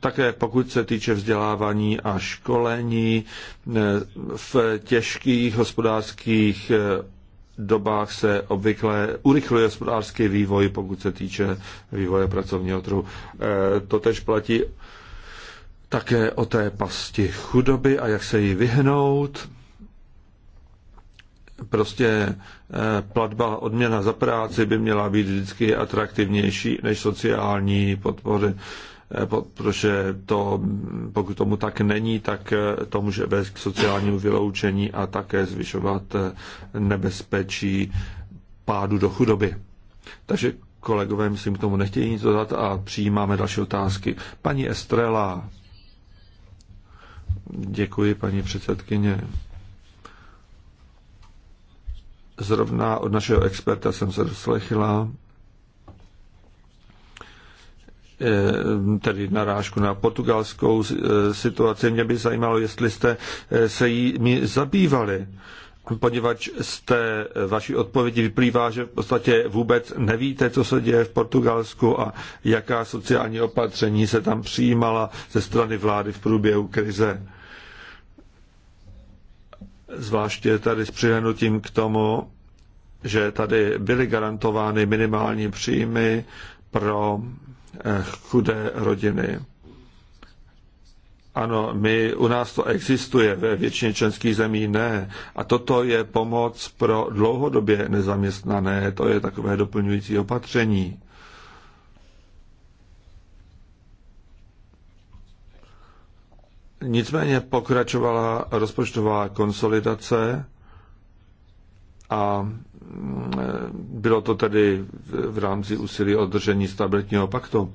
Také pokud se týče vzdělávání a školení eh, v těžkých hospodářských dobách se obvykle urychluje hospodářský vývoj, pokud se týče vývoje pracovního trhu. E, to tež platí také o té pasti chudoby a jak se jí vyhnout. Prostě e, platba odměna za práci by měla být vždycky atraktivnější než sociální podpory. Eh, protože to, pokud tomu tak není, tak eh, to může vést k sociálnímu vyloučení a také zvyšovat eh, nebezpečí pádu do chudoby. Takže kolegové, myslím, k tomu nechtějí nic dodat a přijímáme další otázky. Paní Estrela. Děkuji, paní předsedkyně. Zrovna od našeho experta jsem se doslechla, Eh, tedy narážku na portugalskou eh, situaci. Mě by zajímalo, jestli jste eh, se jí zabývali, poněvadž z té vaší odpovědi vyplývá, že v podstatě vůbec nevíte, co se děje v Portugalsku a jaká sociální opatření se tam přijímala ze strany vlády v průběhu krize. Zvláště tady s přihlednutím k tomu, že tady byly garantovány minimální příjmy pro Eh, chudé rodiny. Ano, my, u nás to existuje, ve většině členských zemí ne. A toto je pomoc pro dlouhodobě nezaměstnané, to je takové doplňující opatření. Nicméně pokračovala rozpočtová konsolidace a Eh, bylo to tedy v rámci úsilí o držení stabilitního paktu.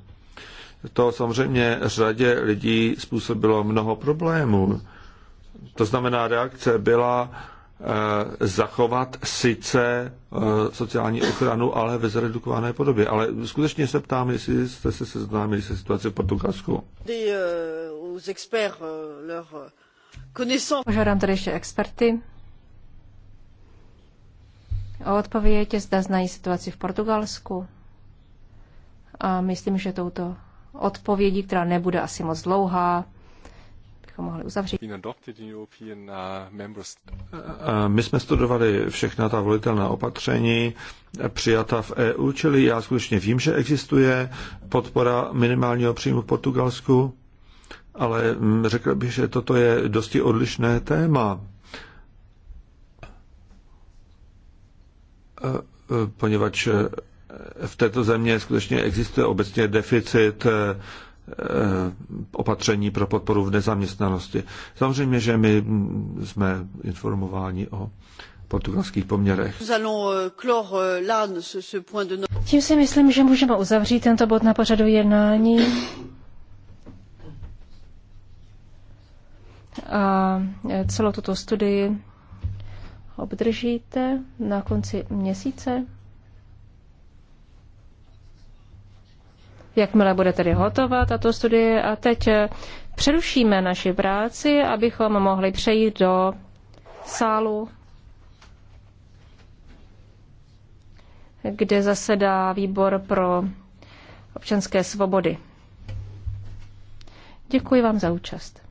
To samozřejmě řadě lidí způsobilo mnoho problémů. To znamená, reakce byla eh, zachovat sice eh, sociální ochranu, ale ve zredukované podobě. Ale skutečně se ptám, jestli jste se seznámili se situací v Portugalsku. Euh, Požádám tady ještě experty, o odpověď, zda znají situaci v Portugalsku. A myslím, že touto odpovědí, která nebude asi moc dlouhá, bychom mohli uzavřít. Uh, my jsme studovali všechna ta volitelná opatření přijata v EU, čili já skutečně vím, že existuje podpora minimálního příjmu v Portugalsku, ale mm, řekl bych, že toto je dosti odlišné téma poněvadž eh, v této země skutečně existuje obecně deficit eh, eh, opatření pro podporu v nezaměstnanosti. Samozřejmě, že my mm, jsme informováni o portugalských poměrech. No- Tím si myslím, že můžeme uzavřít tento bod na pořadu jednání. A celou tuto studii obdržíte na konci měsíce. Jakmile bude tedy hotová tato studie a teď eh, přerušíme naši práci, abychom mohli přejít do sálu, kde zasedá výbor pro občanské svobody. Děkuji vám za účast.